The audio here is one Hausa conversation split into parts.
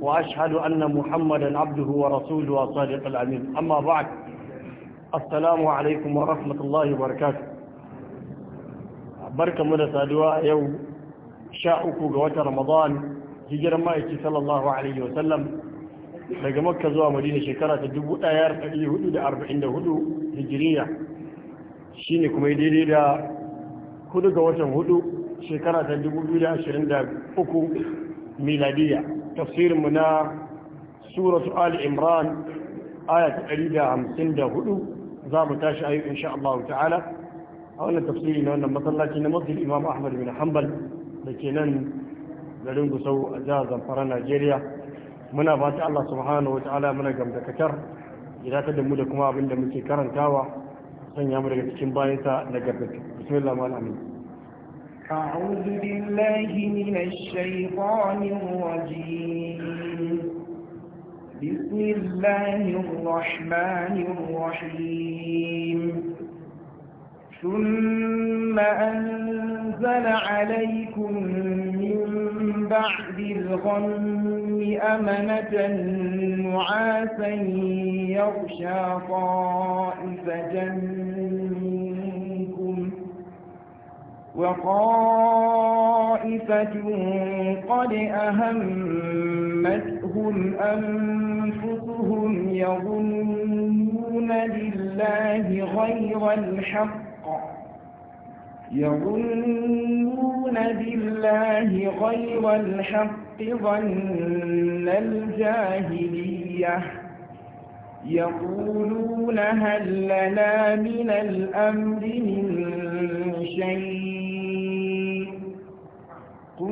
وأشهد أن محمدا عبده ورسوله وصادق الأمين أما بعد السلام عليكم ورحمة الله وبركاته بركة من سادواء يوم شاءك قوات رمضان هجر مائتي صلى الله عليه وسلم daga makka zuwa madina shekara ta 1444 hijiriya shine kuma daidai da hudu ga watan hudu shekara ta 2023 miladiya tafsirin mu na suratu ali imran aya ta 154 za mu tashi ayu insha Allah ta'ala a wannan tafsiri na wannan masallaci na masjid Imam Ahmad bin Hanbal da ke nan garin Gusau a jihar Zamfara Najeriya muna fata Allah subhanahu wa ta'ala muna gamdakatar ya ta da mu da kuma abin da muke karantawa sanya mu daga cikin bayansa na gargaɗi bismillah ma'al amin أعوذ بالله من الشيطان الرجيم بسم الله الرحمن الرحيم ثم أنزل عليكم من بعد الغم أمنة نعاسا يغشى طائفة منكم وطائفة قد أهمتهم أنفسهم يظنون لله غير الحق يظنون بالله غير الحق ظن الجاهلية يقولون هل لنا من الأمر من شيء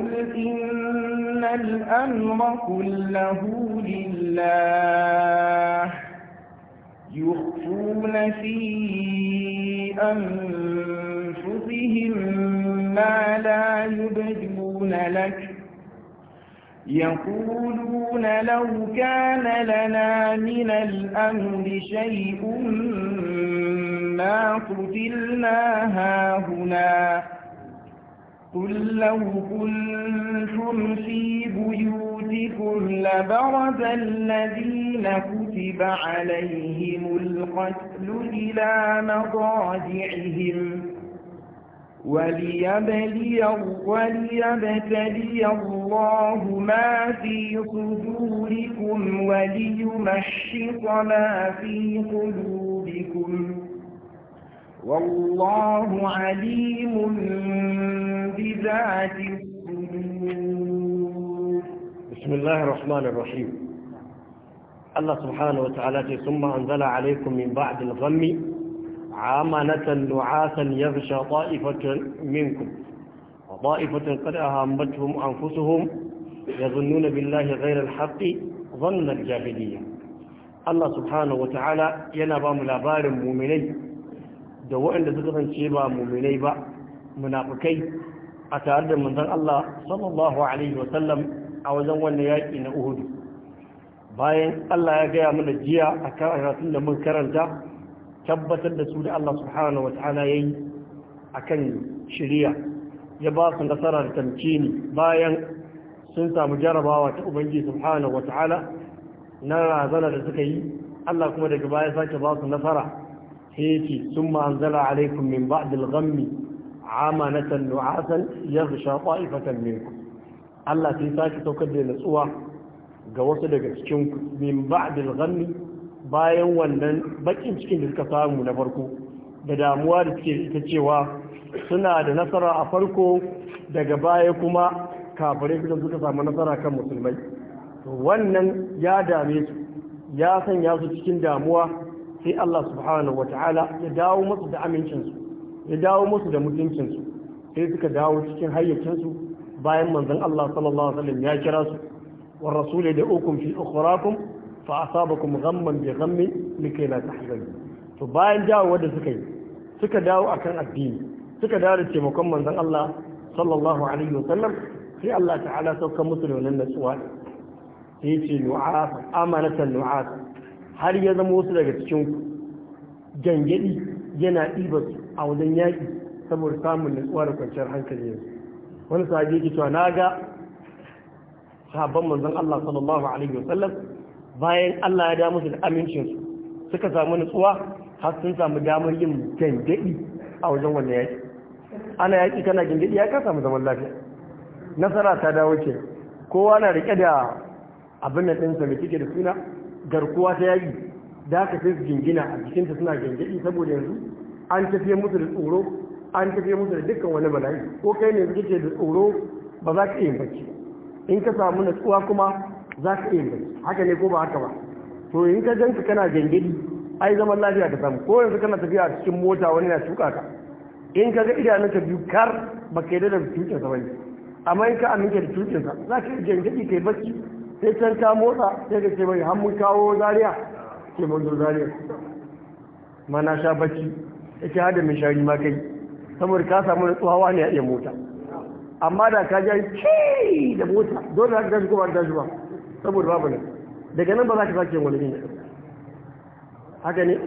قل إن الأمر كله لله يخفون في أنفسهم ما لا يبدون لك يقولون لو كان لنا من الأمر شيء ما قتلنا هاهنا قل لو كنتم في بيوتكم لبرز الذين كتب عليهم القتل إلى مضاجعهم وليبلي وليبتلي الله ما في صدوركم وليمشط ما في قلوبكم والله عليم بذات الصدور بسم الله الرحمن الرحيم الله سبحانه وتعالى ثم أنزل عليكم من بعد الغم عامنة نعاسا يغشى طائفة منكم وطائفة قد أهمتهم أنفسهم يظنون بالله غير الحق ظن الجاهلية الله سبحانه وتعالى ينبى لبار مؤمنين da waɗanda suka kasance ba muminai ba munafukai a tare da manzon Allah sallallahu alaihi wasallam a wajen wannan yaki na Uhud bayan Allah ya gaya mana jiya a karatun da mun karanta tabbatar da su da Allah subhanahu wata'ala yayi akan shirya ya ba su nasara da tamkini bayan sun samu jarabawa ta ubangiji subhanahu wata'ala na razana da suka yi Allah kuma daga baya sake ba su nasara هيتي ثم أنزل عليكم من بعد الغم عامنة نعاسا يغشى طائفة منكم الله تيساك توكد لنسوة قوصد لكسكنك bayan wannan bakin cikin da suka samu na farko da damuwa da suke ita cewa suna da nasara a farko daga baya kuma kafirai suka suka samu nasara kan musulmai wannan ya dame su ya sanya su cikin damuwa sai Allah subhanahu wata'ala ya dawo musu da amincinsu ya dawo musu da mutuncinsu sai suka dawo cikin hayyacinsu bayan manzon Allah sallallahu alaihi wasallam ya kira su wa rasul da ukum fi ukhrakum fa asabakum ghamman bi ghammin likai la tahzanu to bayan dawo da suka yi suka dawo akan addini suka dawo da taimakon manzon Allah sallallahu alaihi wasallam sai Allah ta'ala sauka musu da wannan natsuwa sai ce nu'asa amanatan nu'asa har ya zama wasu daga cikin gangadi yana ɗiba a wajen yaƙi saboda samun nutsuwa da kwanciyar hankali yanzu wani sahabi yake cewa na ga sahabban manzon Allah sallallahu alaihi wasallam bayan Allah ya da musu da amincinsu suka samu nutsuwa har sun samu damar yin gangadi a wajen wannan yaƙi ana yaƙi kana gangadi ya ka samu zaman lafiya nasara ta dawo ke kowa na rike da abin da ɗinsa mai cike da suna garkuwa ta yayi da aka fi su gingina a jikinta suna gangadi saboda yanzu an tafiye musu da tsoro an tafiye musu da dukkan wani bala'i ko kai ne kake da tsoro ba za ka iya bacci in ka samu natsuwa kuma za ka iya bacci haka ne ko ba haka ba to in ka ganka kana gangadi ai zaman lafiya ka samu ko yanzu kana tafiya a cikin mota wani na tuka ka in ka ga idanunka biyu kar ba ka yi da tukin sa ne amma in ka amince da tukin sa za ka iya ka kai bacci sai can ta motsa sai ka ce mai hannun mun kawo zariya ke mun zo zariya ma na sha bacci ce hada mai shari ma kai saboda ka samu da tsohawa ne a iya mota amma da ka ji ci da mota dole za ka tashi kuma tashi ba saboda babu nan daga nan ba za ka sake wani ne haka ne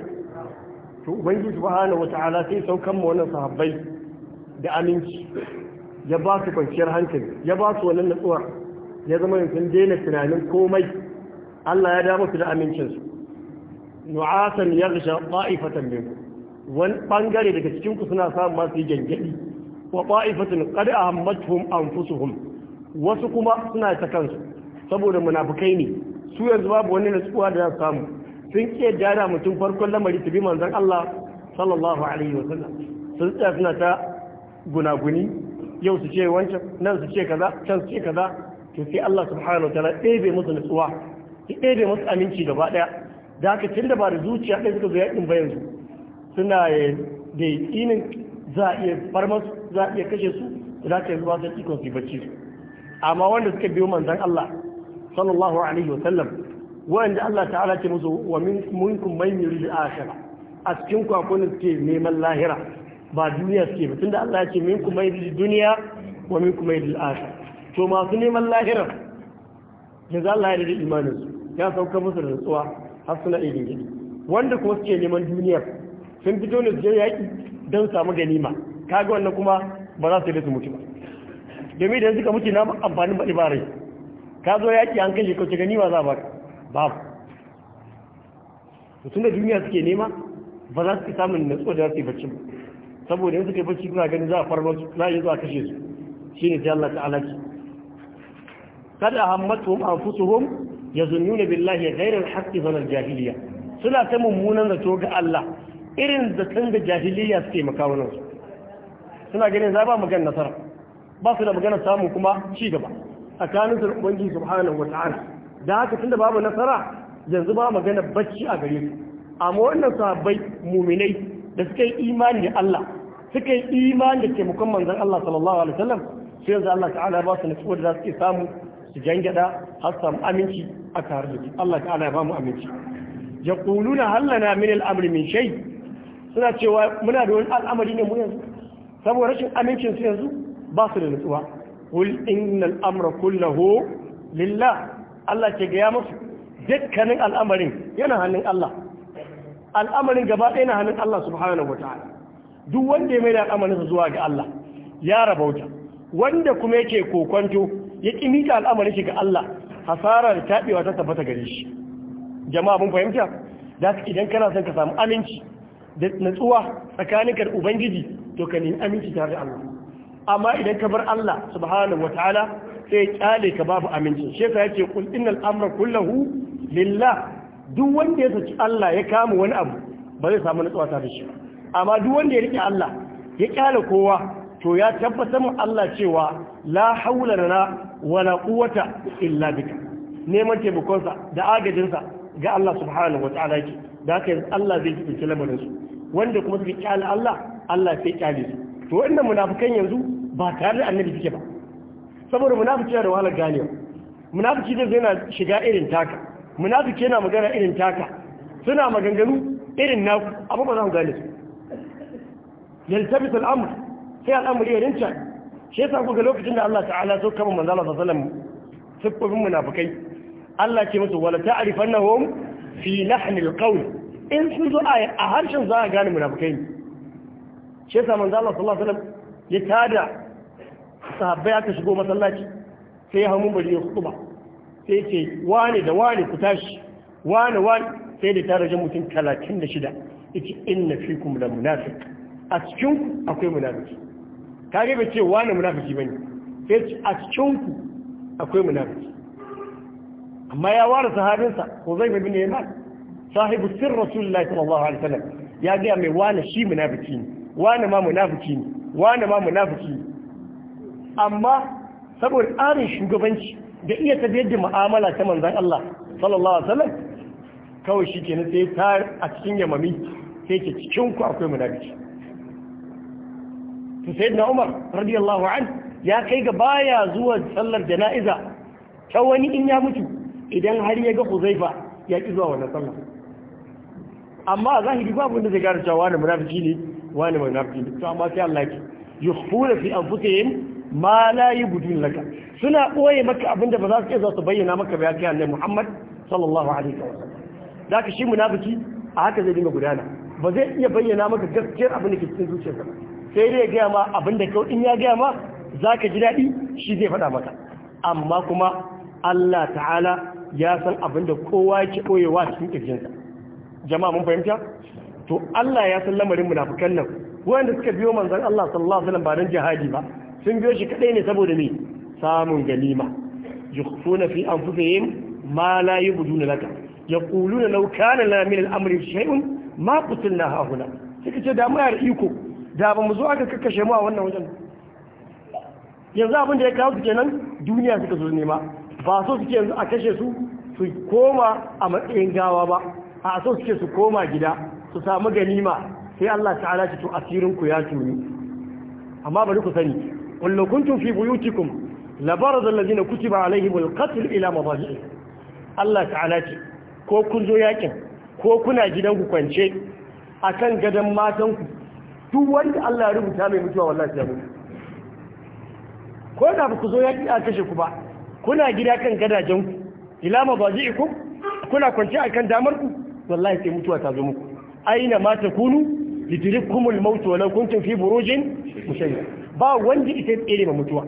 to ubangiji subhanahu wata'ala sai saukan mu wannan sahabbai da aminci ya ba su kwanciyar hankali ya ba su wannan natsuwa ya zama sun daina tunanin komai Allah ya damu su da amincinsu nu'asan ya risha ba'ifatan min wani bangare daga cikinku suna samun masu yi gangadi wa ba'ifatan qad ahammatuhum anfusuhum wasu kuma suna ta kansu saboda munafukai ne su yanzu babu wani nutsuwa da za samu sun ke dada mutum farkon lamari su bi manzan Allah sallallahu alaihi wa sallam sun tsaya suna ta gunaguni yau su ce wancan nan su ce kaza can su ce kaza to sai Allah subhanahu wa ta'ala ɗebe musu nutsuwa ya ɗebe musu aminci gaba ɗaya da haka tun ba da zuciya ɗaya suka zo yaƙin ba yanzu suna da yaƙinin za a iya farmar za a iya kashe su da haka yanzu ba su ikon su bacci su amma wanda suka biyo manzan Allah sallallahu alaihi wa sallam wanda Allah ta'ala ce musu wa minkum man yuridu akhirah a cikin ku akwai suke neman lahira ba duniya suke ba tunda Allah ya ce minkum man yuridu duniya wa minkum man yuridu akhirah to masu neman lahirar ya za Allah ya imanin imaninsu ya sauka musu da nutsuwa har suna irin gidi wanda kuma suke neman duniyar sun fito ne su je yaƙi don samu ganima kaga wannan kuma ba za su yi su mutu ba domin idan suka mutu na amfanin baɗi ba rai ka zo yaƙi an kashe kauce ganima za ba ba mutum da duniya suke nema ba za su samun natsuwa da za su yi bacci ba saboda yin suka yi bacci kuna ganin za a wasu za a yi zuwa kashe su shine sai Allah ta'ala alaƙi. Kada قد أهمتهم أنفسهم يظنون بالله غير الحق ظن jahiliya suna ta mummunan zato ga Allah irin zaton da jahiliya suke su suna ganin za ba mu magan nasara ba su da magana samu kuma ci gaba tsakanin su ubangi subhanahu wa ta'ala da haka tunda babu nasara yanzu ba magana bacci a gare su amma wannan sahabbai muminai da suka yi imani da Allah suka yi imani da taimakon manzon Allah sallallahu alaihi wasallam sai yanzu Allah ta'ala ba su nutsuwa da za su samu su jangada har samu aminci a tare da su Allah ta'ala ya mu aminci yaquluna hallana min al-amri min shay suna cewa muna da wani al'amari ne mu yanzu saboda rashin amincin su yanzu ba su da nutsuwa kul innal amra kulluhu lillah Allah ke gaya musu dukkanin al'amarin yana hannun Allah al'amarin gaba ɗaya na hannun Allah subhanahu wataala duk wanda ya mai da al'amarin zuwa ga Allah ya rabauta wanda kuma yake kokonto ya ƙi mika al'amarin shi ga Allah hasarar taɓewa ta tabbata gare shi jama'a mun fahimta da idan kana son ka samu aminci da natsuwa tsakaninka ubangiji to ka nemi aminci tare da Allah amma idan ka bar Allah subhanahu wataala sai kyale ka babu aminci shi yasa yake kul innal amra kullahu lillah duk wanda ya saki Allah ya kama wani abu ba zai samu natsuwa ta da shi amma duk wanda ya rike Allah ya kyale kowa to ya tabbatar mu Allah cewa la haula lana wala quwwata illa bika neman taimakonsa da agajinsa ga Allah subhanahu wataala yake da haka yanzu Allah zai ji lamarin su wanda kuma suka kyale Allah Allah sai kyale su to wannan munafikan yanzu ba tare da annabi suke ba saboda munafiki yana da wahalar ganewa munafiki zai yana shiga irin taka munafiki yana magana irin taka suna maganganu irin naku abu ba za ku gane su yaltabis al'amur sai al'amur ya rinca shi yasa kuma lokacin da Allah ta'ala so kama manzo Allah sallallahu alaihi wasallam siffofin munafikai Allah ce musu wala ta'rifannahum fi lahnil qawl in sun zo a harshen za a gane munafikai shi yasa manzo Allah sallallahu alaihi wasallam ya tada sahabbai aka shigo masallaci sai ya hamu bari ya khutba sai ce wane da wane ku tashi wane wani. sai da tara jan mutum 36 yace inna fikum la munafiq a cikin akwai munafiki kare ba ce wani munafiki bane sai a cikin ku akwai munafiki amma ya ware sahabinsa ko zai bin yaman sahibu sir rasulullahi sallallahu alaihi wasallam ya ga mai wani shi munafiki ne wani ma munafiki ne wani ma munafiki ne amma saboda tsarin shugabanci da iya tafiyar da mu'amala ta manzan Allah sallallahu alaihi wasallam kawai shi kenan sai ta a cikin yamami sai ke cikin ku akwai munafiki to sayyidina Umar radiyallahu an ya kai ga baya zuwa sallar jana'iza ta wani in ya mutu idan har ya ga Huzaifa ya ki zuwa wannan sallar amma zahiri babu wanda zai gara cewa munafiki ne wani munafiki ne to amma sai Allah ki yukhfuna fi anfusihim ma la yubdun laka suna boye maka abinda ba za su iya su bayyana maka ba ya kai Allah Muhammad sallallahu alaihi wasallam zaka shi munafiki a haka zai dinga gudana ba zai iya bayyana maka gaskiyar abin da ke cikin zuciyarsa ba sai dai ya gaya ma abin da kawai in ya gaya ma za ka ji daɗi shi zai faɗa maka amma kuma Allah ta'ala ya san abinda kowa yake ɓoyewa cikin ƙirjinsa jama'a mun fahimta to Allah ya san lamarin munafukan nan wanda suka biyo manzon Allah sallallahu alaihi wasallam ba dan jihadi ba sun biyo shi kadai ne saboda me samun galima yukhfuna fi anfusihim ma la yubduna laka yaquluna law kana lana min al-amri shay'un ma qutilna hahuna suka ce da mu iko da ba mu zo aka kakkashe mu a wannan wajen yanzu abin da ya kawo su nan, duniya suka zo nema ba so suke yanzu a kashe su su koma a matsayin gawa ba a so suke su koma gida su samu ganima sai Allah ta'ala ce to asirin ku ya tuni amma bari ku sani kullu kuntum fi buyutikum labarad alladhina kutiba alaihim alqatl ila mabadi'i Allah ta'ala ce ko kun zo yakin ko kuna gidan ku kwance akan gadan matan ku duk wanda Allah ya rubuta mai mutuwa wallahi ya mutu ko da ba ku zo yaki a kashe ku ba kuna gida kan gadajen ku ila ku, kuna a kan damar ku wallahi sai mutuwa ta zo muku aina ma kunu, lidrikumul maut wa law kuntum fi burujin mushayya ba wanda ita tsere ma mutuwa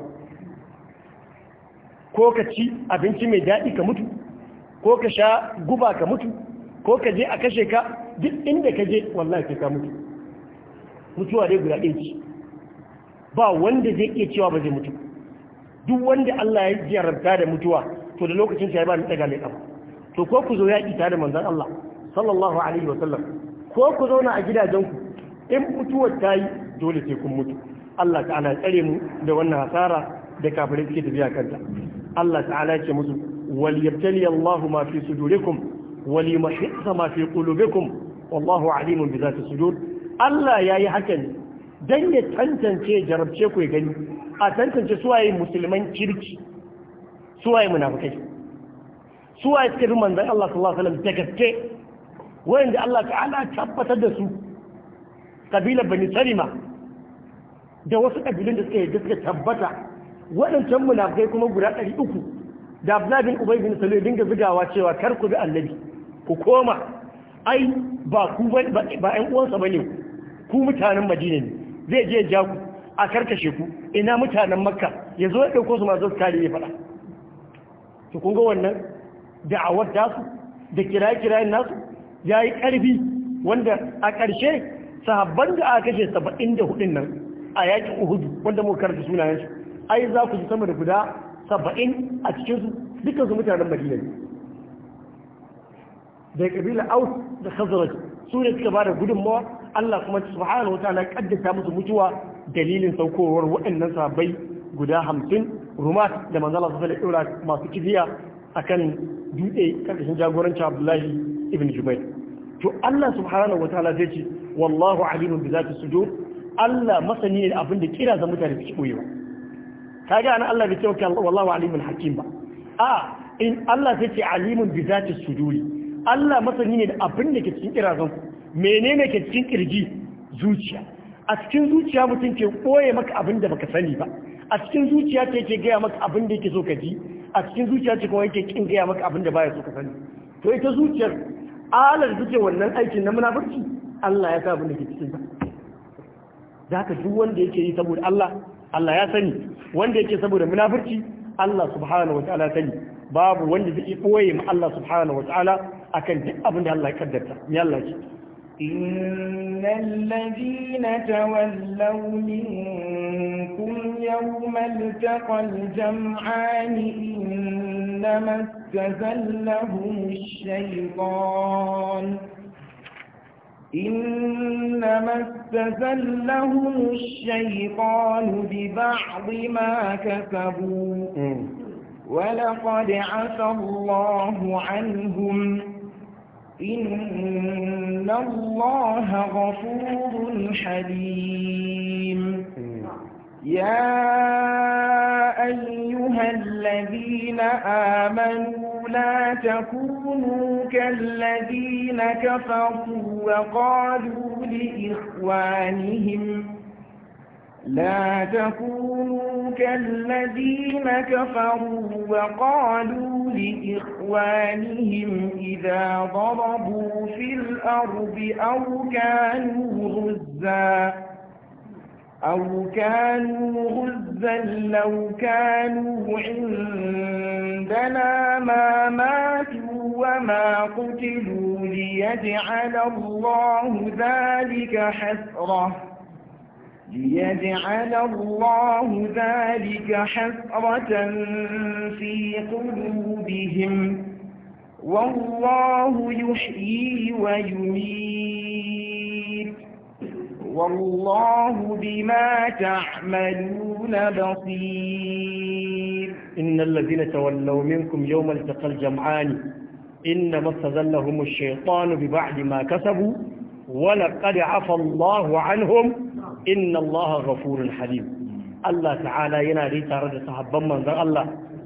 ko ka ci abinci mai daɗi ka mutu ko ka sha guba ka mutu ko ka je a kashe ka duk inda ka je wallahi sai ka mutu mutuwa dai guda ɗaya ba wanda zai iya cewa ba zai mutu duk wanda Allah ya jarabta da mutuwa to da lokacin shi ya ba ni daga mai kafa to ko ku zo ya tare da manzon Allah sallallahu alaihi wa sallam ko ku zauna a ku in mutuwar ta yi dole sai kun mutu Allah ta'ala tsare mu da wannan hasara da kafirai suke tafiya kanta Allah ta'ala ce musu wal yabtali Allahu ma fi sudurikum wal yumahhisa ma fi qulubikum wallahu alimun bi zati sudur Allah ya yi hakan don ya tantance jarabce ku gani a tantance suwaye musulman kirki suwaye munafukai suwaye suka fi manzan Allah sallallahu alaihi wasallam da gaske wayanda Allah ta'ala tabbatar da su kabilar bani salima da wasu kabilun da suka yi suka tabbata waɗancan munafukai kuma guda ɗari uku da Abdullahi bin Ubay bin Salul dinga zugawa cewa kar ku bi annabi ku koma ai ba ku ba ƴan uwansa bane ku mutanen madina ne zai je ja ku a karkashe ku ina mutanen makka ya zo ya ɗauko su masu kare ya faɗa to kun ga wannan da'awar su, da kiraye-kirayen nasu ya yi ƙarfi wanda a ƙarshe sahabban da aka kashe saba'in da hudun nan a yakin uhudu wanda muka karanta sunayensu ai za ku ji sama da guda saba'in a cikinsu su mutanen madina ne da kabila aus da khazraj su ne suka ba da gudunmawa Allah kuma subhanahu wataala kaddasa musu mutuwa dalilin saukowar waɗannan sahabbai guda hamsin rumat da manzala su zala ɗora masu kibiya akan dutse karkashin jagorancin abdullahi ibn jubair to Allah subhanahu wataala zai ce wallahu alimun bi zati sudur Allah masani ne abin da kira za mutane su koyi ba ga ana Allah bai ce wallahu alimun hakim ba a in Allah zai ce alimun bi zati suduri Allah masani ne da abin da ke cikin kirazan ku menene ke cikin kirji zuciya a cikin zuciya mutum ke koye maka abin da baka sani ba a cikin zuciya ce ke gaya maka abin da yake so ka ji a cikin zuciya ce kuma yake kin gaya maka abin da baya so ka sani to ita zuciyar alar duke wannan aikin na munafurci Allah ya sa abin da ke cikin ta zaka duk wanda yake yi saboda Allah Allah ya sani wanda yake saboda munafurci Allah subhanahu wataala sani babu wanda zai koye ma Allah subhanahu wataala akan duk abin da Allah ya kaddarta ya Allah ce إن الذين تولوا منكم يوم التقى الجمعان إنما استزلهم الشيطان إنما استزلهم الشيطان ببعض ما كسبوا ولقد عفى الله عنهم إن الله غفور حليم يا أيها الذين آمنوا لا تكونوا كالذين كفروا وقالوا لإخوانهم لا نعم. تكونوا كالذين كفروا وقالوا لإخوانهم إذا ضربوا في الأرض أو كانوا غزا أو كانوا غزا لو كانوا عندنا ما ماتوا وما قتلوا ليجعل الله ذلك حسره ليجعل الله ذلك حسرة في قلوبهم والله يحيي ويميت والله بما تعملون بصير إن الذين تولوا منكم يوم التقى الجمعان إنما استذلهم الشيطان ببعد ما كسبوا ولقد عفى الله عنهم inna allaha ghafurun halim Allah ta'ala yana dai tare da sahabban manzon Allah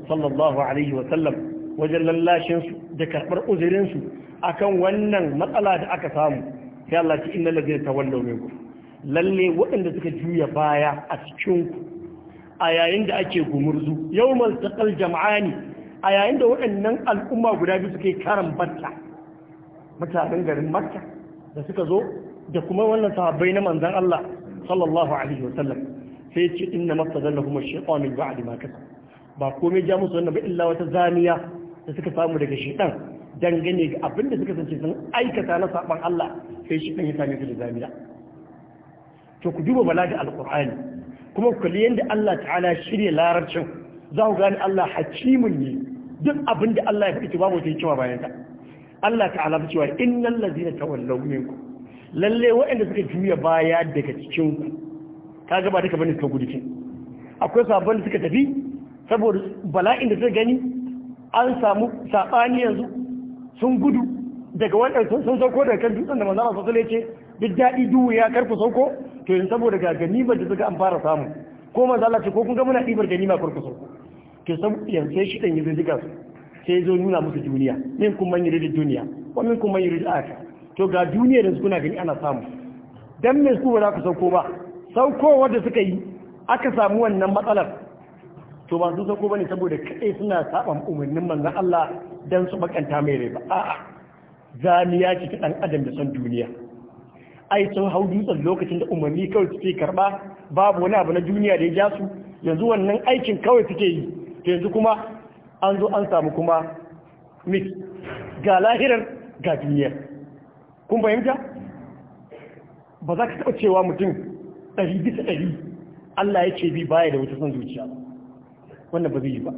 sallallahu alaihi wa sallam wajen lallashin su da karbar uzurin su akan wannan matsala da aka samu sai Allah ce innal ladina tawallaw minkum lalle waɗanda suka juya baya a cikin ku a yayin da ake gumurzu yawmal taqal jam'ani a yayin da waɗannan al'umma guda biyu suke karan batta mutanen garin Makka da suka zo da kuma wannan sahabbai na manzon Allah sallallahu alaihi wa sallam sai ce inna mastazallahum ash-shaytan min ba'di ma kasab ba komai ja musu wannan ba illa wata zaniya da suka samu daga shaytan dangane ga abinda da san sace sun aikata na saban Allah sai shi ya same su da zaniya to ku duba bala da alkur'ani kuma ku kalli yanda Allah ta'ala shirye larabcin za ku gane Allah hakimun ne duk abin da Allah ya faɗi babu wata cewa bayan ta Allah ta'ala ta cewa innal ladzina tawallaw minkum lalle waɗanda suka juya baya daga cikin ku ka gaba duka bane suka gudu akwai sabon da suka tafi saboda bala'in da suka gani an samu sabani yanzu sun gudu daga waɗanda sun sauko daga kan dutsen da manzo Allah sallallahu alaihi wasallam ya ce duk daɗi duhu ya karfi sauko to yin saboda ga ganimar da suka an fara samu ko manzo Allah ce ko kun ga muna ɗibar ganima karfi sauko ke san yanzu sai shi dan yanzu diga su sai zo nuna musu duniya min kun man yuridu duniya wa min kun man yuridu akhirah to ga duniya da kuna gani ana samu dan me su ba za ku sauko ba sauko da suka yi aka samu wannan matsalar to ba su sauko bane saboda kai suna saban umarnin manzon Allah dan su bakanta mai rai ba a'a zaniya ce ta dan adam da son duniya ai sun hau dutsen lokacin da umarni kawai suke karɓa babu wani abu na duniya da ya ja su yanzu wannan aikin kawai suke yi to yanzu kuma an zo an samu kuma mix ga lahirar ga duniyar kun fahimta ba za ka taɓa cewa mutum ɗari bisa ɗari Allah ya ce bi baya da wata son zuciya wannan ba zai yi ba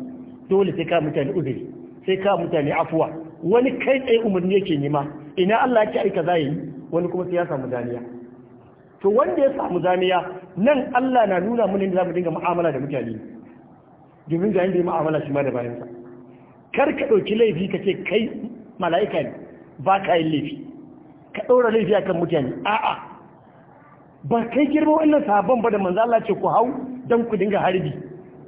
dole sai ka mutane uzuri sai ka mutane afuwa wani kai tsaye umarni yake nema ina Allah ya ce aika za yi wani kuma sai ya samu daniya to wanda ya samu daniya nan Allah na nuna mana yadda za mu dinga mu'amala da mutane domin ga yadda ya mu'amala shi ma da bayansa kar ka ɗauki laifi ka ce kai mala'ika ne ba ka yi laifi ka ɗora laifi kan mutane a'a ba kai girma wannan sabon ba da manzo Allah ce ku hau dan ku dinga harbi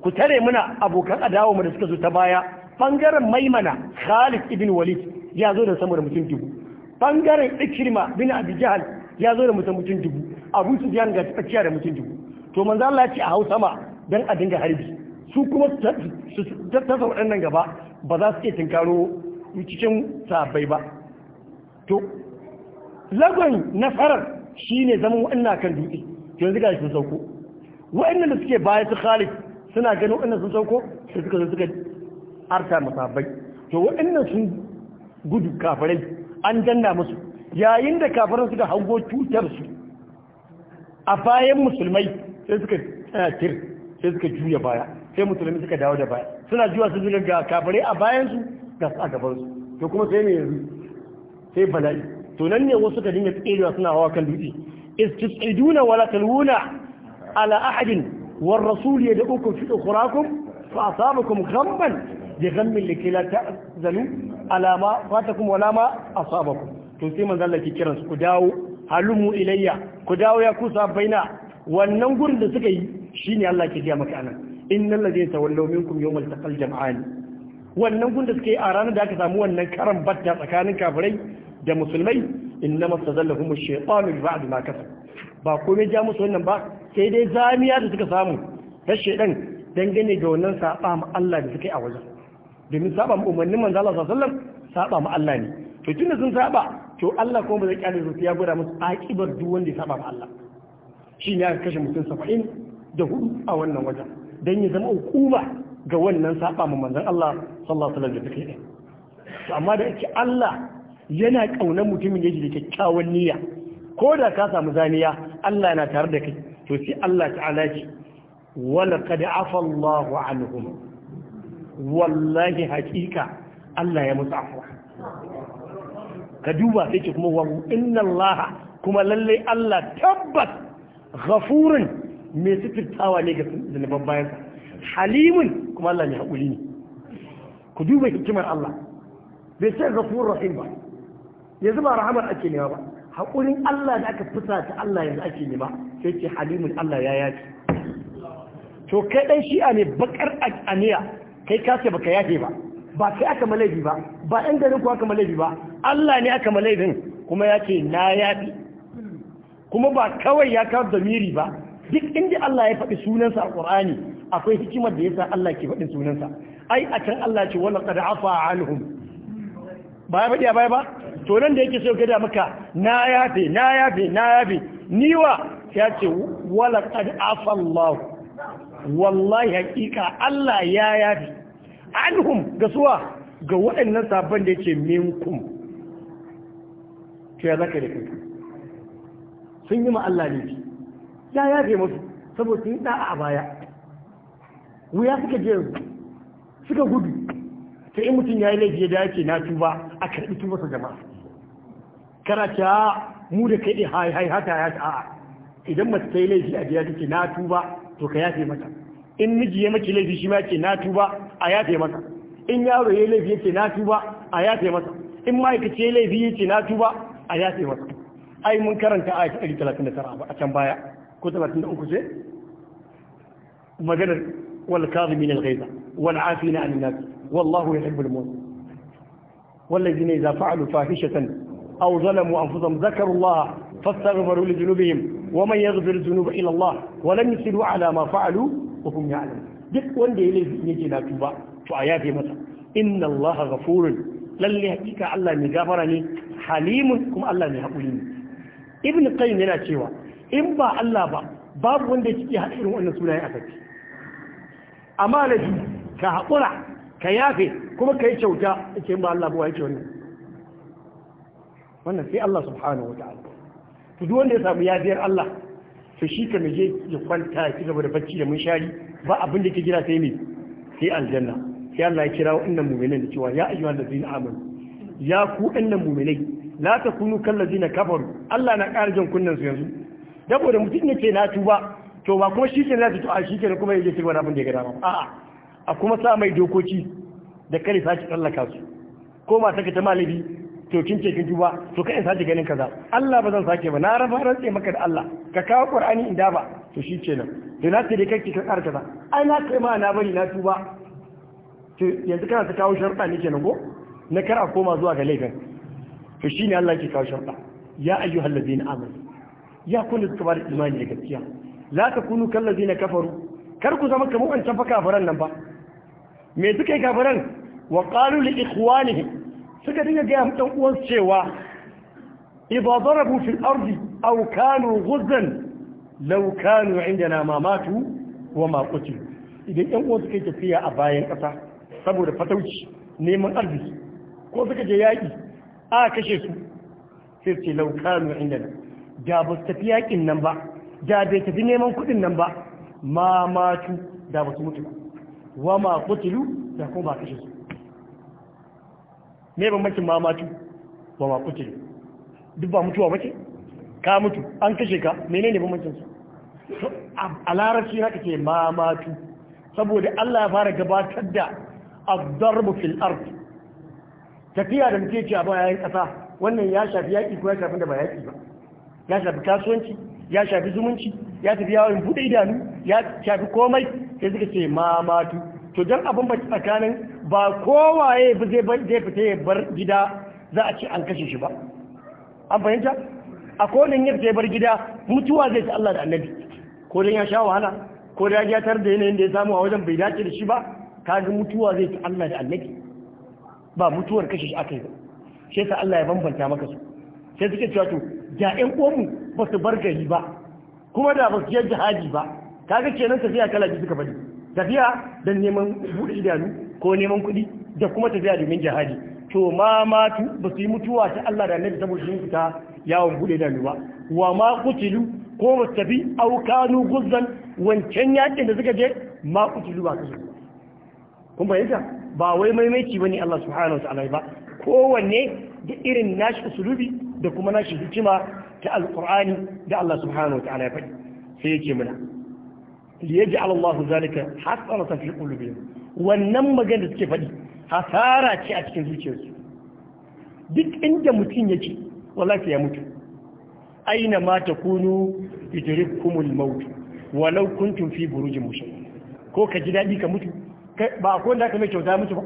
ku tare muna abokan adawa mu da suka zo ta baya bangaren maimana Khalid ibn Walid ya zo da sama da mutum dubu bangaren Ikrima bin Abi Jahl ya zo da mutum mutum dubu Abu Sufyan ga tsakiya da mutum dubu to manzo Allah ce a hau sama dan a dinga harbi su kuma su tattasa waɗannan gaba ba za su iya tinkaro cikin sabai ba to lagon na farar shi ne zaman wa'ina kan dutse yanzu ga sun sauko wa'ina da suke baya su khalif suna ganin wa'ina sun sauko sai suka zo suka arta masabai to wa'ina sun gudu kafirai an danna musu yayin da kafirai suka hango cutar su a bayan musulmai sai suka tsaya tir sai suka juya baya sai musulmi suka dawo da baya suna juwa su zuga ga kafirai a bayan su ga a gaban su to kuma sai ne yanzu sai bala'i to nan ne wasu ka dinga tserewa suna hawa kan dutse istis'iduna wala talwuna ala ahadin war rasul yad'ukum fi ukhrakum fa asabakum ghamman bi ghammin likay la ta'zanu ala ma fatakum wala ma asabakum to sai manzo Allah ke kiran su ku dawo halumu ilayya ku dawo ya kusa baina wannan gurin da suka yi shine Allah ke ga maka anan innal ladina tawallaw minkum yawmal taqal jam'an wannan gurin da suka yi a ranar da aka samu wannan karan batta tsakanin kafirai da musulmai innama tazallahum ash-shaytanu ba'd ma kasab ba komai ja musu wannan ba sai dai zamiya da suka samu ta shedan dangane ga wannan saba ma Allah da suka yi a wajen domin saba ma umarnin manzo Allah sallallahu alaihi wasallam saba ma Allah ne to tunda sun saba to Allah kuma ba zai kyale su ya gwada musu aqibar duk wanda ya saba ma Allah shi ne aka kashe mutum 70 da hudu a wannan wajen dan ya zama hukuma ga wannan saba ma manzo Allah sallallahu alaihi wasallam da suka yi amma da yake Allah yana ƙaunar mutumin yake da kyakkyawan niyya ko da ka samu zaniya Allah na tare da kai to sai Allah ta'ala ce wala qad afa Allahu anhum wallahi hakika Allah ya musu afwa ka duba sai ce kuma wa inna Allah kuma lalle Allah tabbas ghafurin mai sifirtawa ne ga bayan sa halimun kuma Allah mai haƙuri ne ku duba hikimar Allah bai sai ghafurur rahim ba yanzu ba rahamar ake nema ba haƙurin Allah da aka fusa ta Allah yanzu ake nema sai ce halimun Allah ya yafi to kai dan shi'a ne bakar aniya kai ka ce baka yafe ba ba kai aka malaibi ba ba ɗan garin ku aka malaibi ba Allah ne aka malaibin kuma ya ce na yafi kuma ba kawai ya kawo damiri ba duk inda Allah ya faɗi sunansa a Qur'ani akwai hikimar da yasa Allah ke faɗin sunansa ai a can Allah ce wala qad afa anhum ba ya faɗi ba ba to nan da yake so gada maka na yafe na yafe na yafe niwa ya ce wala qad afallahu wallahi hakika Allah ya yafe anhum ga suwa ga waɗannan sabon da yake minkum to ya zaka da kanka sun yi ma Allah ne ya yafe musu saboda sun da'a a baya wuya suka je suka gudu ta in mutum ya yi laifi ya dace na tuba a karɓi tubarsa jama'a ta mu da kai hai hai haka ya a'a idan mace ta yi laifi a biya take na tuba to ka yafe mata in miji ya maki laifi shi ma ce na tuba a yafe mata in yaro ya laifi yace na tuba a yafe mata in ma'aikaci ya laifi yace na tuba a yafe mata ai mun karanta a 139 a can baya ko 33 ce maganar wal kazimin al-ghaiza wal afina an nas wallahu yuhibbul mu'min والذين idza fa'alu fahishatan أو ظلموا أنفسهم ذكروا الله فاستغفروا لذنوبهم ومن يغفر الذنوب إلى الله ولم يصلوا على ما فعلوا وهم يعلمون duk wanda ya laifin yake na tuba to a yafe masa inna Allah ghafurun lalle hakika Allah mai gafara ne halimun kuma Allah mai haƙuri ne ibn qayyim yana cewa in ba Allah ba babu wanda yake haɗa irin wannan sunayen asaki amma laifi ka haƙura ka yafe kuma ka yi kyauta yake ba Allah ba yake kyauta. wannan sai Allah subhanahu wa ta'ala to duk wanda ya samu yadiyar Allah to shi ka je ya kwanta ya gaba da bacci da munshari ba abin da ke jira sai ne sai aljanna sai Allah ya kira wa'annan mu'minin da cewa ya ayyuhal ladina amanu ya ku ɗannan mu'minai la takunu kal ladina kafaru Allah na ƙara jan kunnan su yanzu da mutum yake na tuba to ba kuma shi ke na to a shi ke kuma yaje cigaba abin da ya gada ba a'a a kuma sa mai dokoki da kare sace tsallaka su ko ma saka ta malibi. to kin ce kin tuba to kai in sake ganin kaza Allah ba zan sake ba na rafa rantse maka da Allah ka kawo Qur'ani in da ba to shi ce kenan to na ce kai ki ka tsara kaza ai na kai ma na bari na tuba to yanzu kana ta kawo sharuɗa ne kenan ko na kar a koma zuwa ga laifin to shine Allah ke kawo sharuɗa ya ayyuhal ladina amanu ya kun suka ba da imani da gaskiya la takunu kal ladina kafaru kar ku zama kamar wancan fa kafaran nan ba me suka yi kafaran wa qalu li ikhwanihim suka dinga gaya mu ɗan uwansu cewa idza darabu fil ardi aw kanu ghuzzan law kanu indana ma matu wa ma qutilu idan ɗan uwan kai tafiya a bayan ƙasa saboda fatauci neman arziki ko suka je yaƙi a kashe su sai ce law kanu indana da ba su tafi yaƙin nan ba da bai tafi neman kudin nan ba ma matu da ba su mutu wa ma qutilu da kuma ba kashe su me bambancin ma matu wa ma duk ba mutuwa mace ka mutu an kashe ka menene bambancin su a larabci na ce ma matu saboda Allah ya fara gabatar da ad fil ard tafiya da muke ci a bayan kasa wannan ya shafi yaki ko ya shafi da ba yaki ba ya shafi kasuwanci ya shafi zumunci ya tafi yawon bude idanu ya shafi komai sai suka ce ma to don abin baki tsakanin ba kowaye zai fita ya bar gida za a ce an kashe shi ba an fahimta a kodin yadda ya bar gida mutuwa zai ta Allah da annabi kodin ya sha wahala ko da ya tar da yanayin da ya samu a wajen bai dace da shi ba ga mutuwa zai ta Allah da annabi ba mutuwar kashe shi aka yi sai sa Allah ya bambanta maka su sai suke cewa to ja ƴan uwanmu ba su bar gari ba kuma da ba su yi jihadi ba ga kenan tafiya kala biyu suka bari tafiya don neman buɗe idanu ko neman kuɗi da kuma tafiya domin jihadi to ma matu ba su yi mutuwa ta Allah da annabi saboda sun fita yawon buɗe idanu ba wa ma kutilu ko ba su tafi aukanu guzzan wancan yakin da suka je ma kutilu ba kasu kun bayyanta ba wai maimaici bane Allah subhanahu wa ta'ala ba kowanne da irin nashi usulubi da kuma nashi hikima ta alqur'ani da Allah subhanahu wa ta'ala ya faɗi sai yake mana liyaj'al Allahu zalika ta fi kulubi wannan magana da suke faɗi hasara ce a cikin zuciyarsu duk inda mutum yake wallahi ya mutu aina ma kunu yudrikumul maut walau kuntum fi burujin mushayyad ko ka ji daɗi ka mutu ba ko da ka mai kyauta mutu ba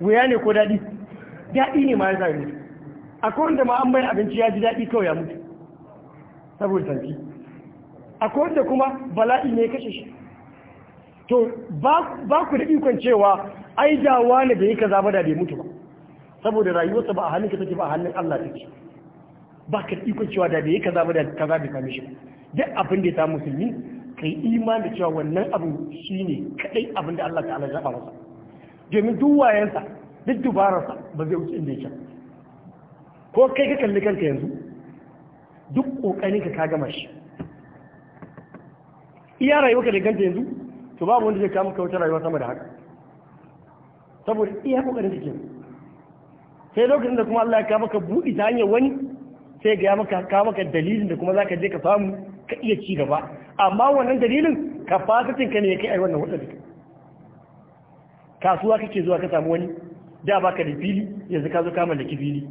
wuya ne ko daɗi daɗi ne ma ya zai mutu a kowanne ma an bai abinci ya ji daɗi kawai ya mutu saboda santi akwai wanda kuma bala'i ne kashe shi to ba ku da ikon cewa ai da wani da yi kaza da bai mutu ba saboda rayuwarsa ba a hannun ka take ba a hannun Allah take ba ka da ikon cewa da bai yake kaza da kaza bai kame shi duk abin da ya samu musulmi kai imani cewa wannan abu shine kadai abin da Allah ta'ala ya zaba masa domin duk wayansa duk dubararsa ba zai wuce inda yake ko kai ka kalli kanka yanzu duk kokarin ka ka gama shi iya rayuwa ka ganta yanzu to babu wanda zai kama ka rayuwa sama da haka saboda iya kokarin cikin sai lokacin da kuma Allah ya kama ka buɗi ta hanyar wani sai ga maka ka maka dalilin da kuma zaka je ka samu ka iya ci gaba amma wannan dalilin ka fasatin ka ne kai ai wannan wadda kasuwa kake zuwa ka samu wani da baka da fili yanzu ka zo ka mallaki fili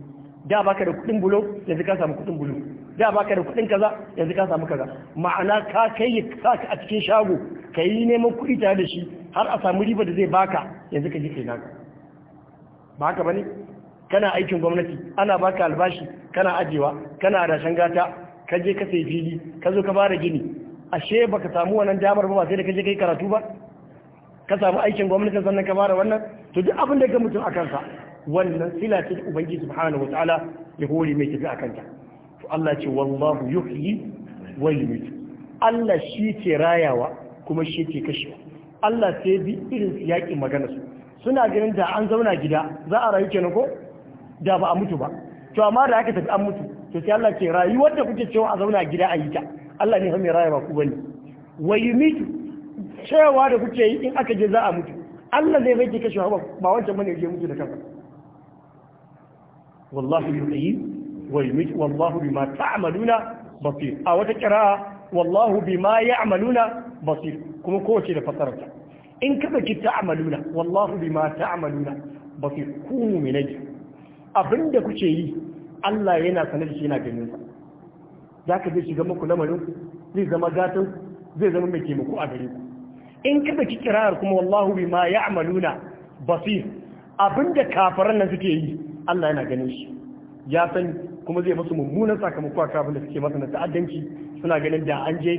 da baka da kudin bulo yanzu ka samu kudin bulo da baka da kuɗin kaza yanzu ka samu kaza ma'ana ka kai ka saka a cikin shago ka yi neman kuɗi tare da shi har a samu riba da zai baka yanzu ka ji kai naka ba haka bane kana aikin gwamnati ana baka albashi kana ajewa kana rashin gata ka je ka sai fili ka zo ka fara gini ashe baka samu wannan damar ba sai da ka je kai karatu ba ka samu aikin gwamnati sannan ka fara wannan to duk abin da ga mutum a kansa wannan sila ce ubangiji subhanahu wataala ya hore mai tafi a kanta Allah ce wallahu yuhyi wa yumiitu Allah shi ke rayawa kuma shi ke kashewa Allah sai bi irin yaƙin magana su suna ganin da an zauna gida za a rayu kenan ko da ba a mutu ba to amma da aka tafi an mutu to sai Allah ke rayuwar da kuke cewa a zauna gida a yi ta Allah ne fa mai rayuwa ku bane wa yumiitu cewa da kuke yi in aka je za a mutu Allah zai rage kashewa ba wancan bane ya mutu da kansa wallahi yuhyi wa yumit wallahu bima ta'maluna basir a wata qira'a wallahu bima ya'maluna basir kuma kowace da fasararta in ka saki ta'maluna wallahu bima ta'maluna basir ku mu'minai abinda kuke yi Allah yana sanar da shi yana ganin sa zaka zai shiga muku lamarin zai zama zai zama mai taimako a gare ku in ka saki kirar kuma wallahu bima ya'maluna basir abinda kafaran nan suke yi Allah yana ganin shi ya san kuma zai musu mummunan sakamako akan abin da suke masa na ta'addanci suna ganin da an je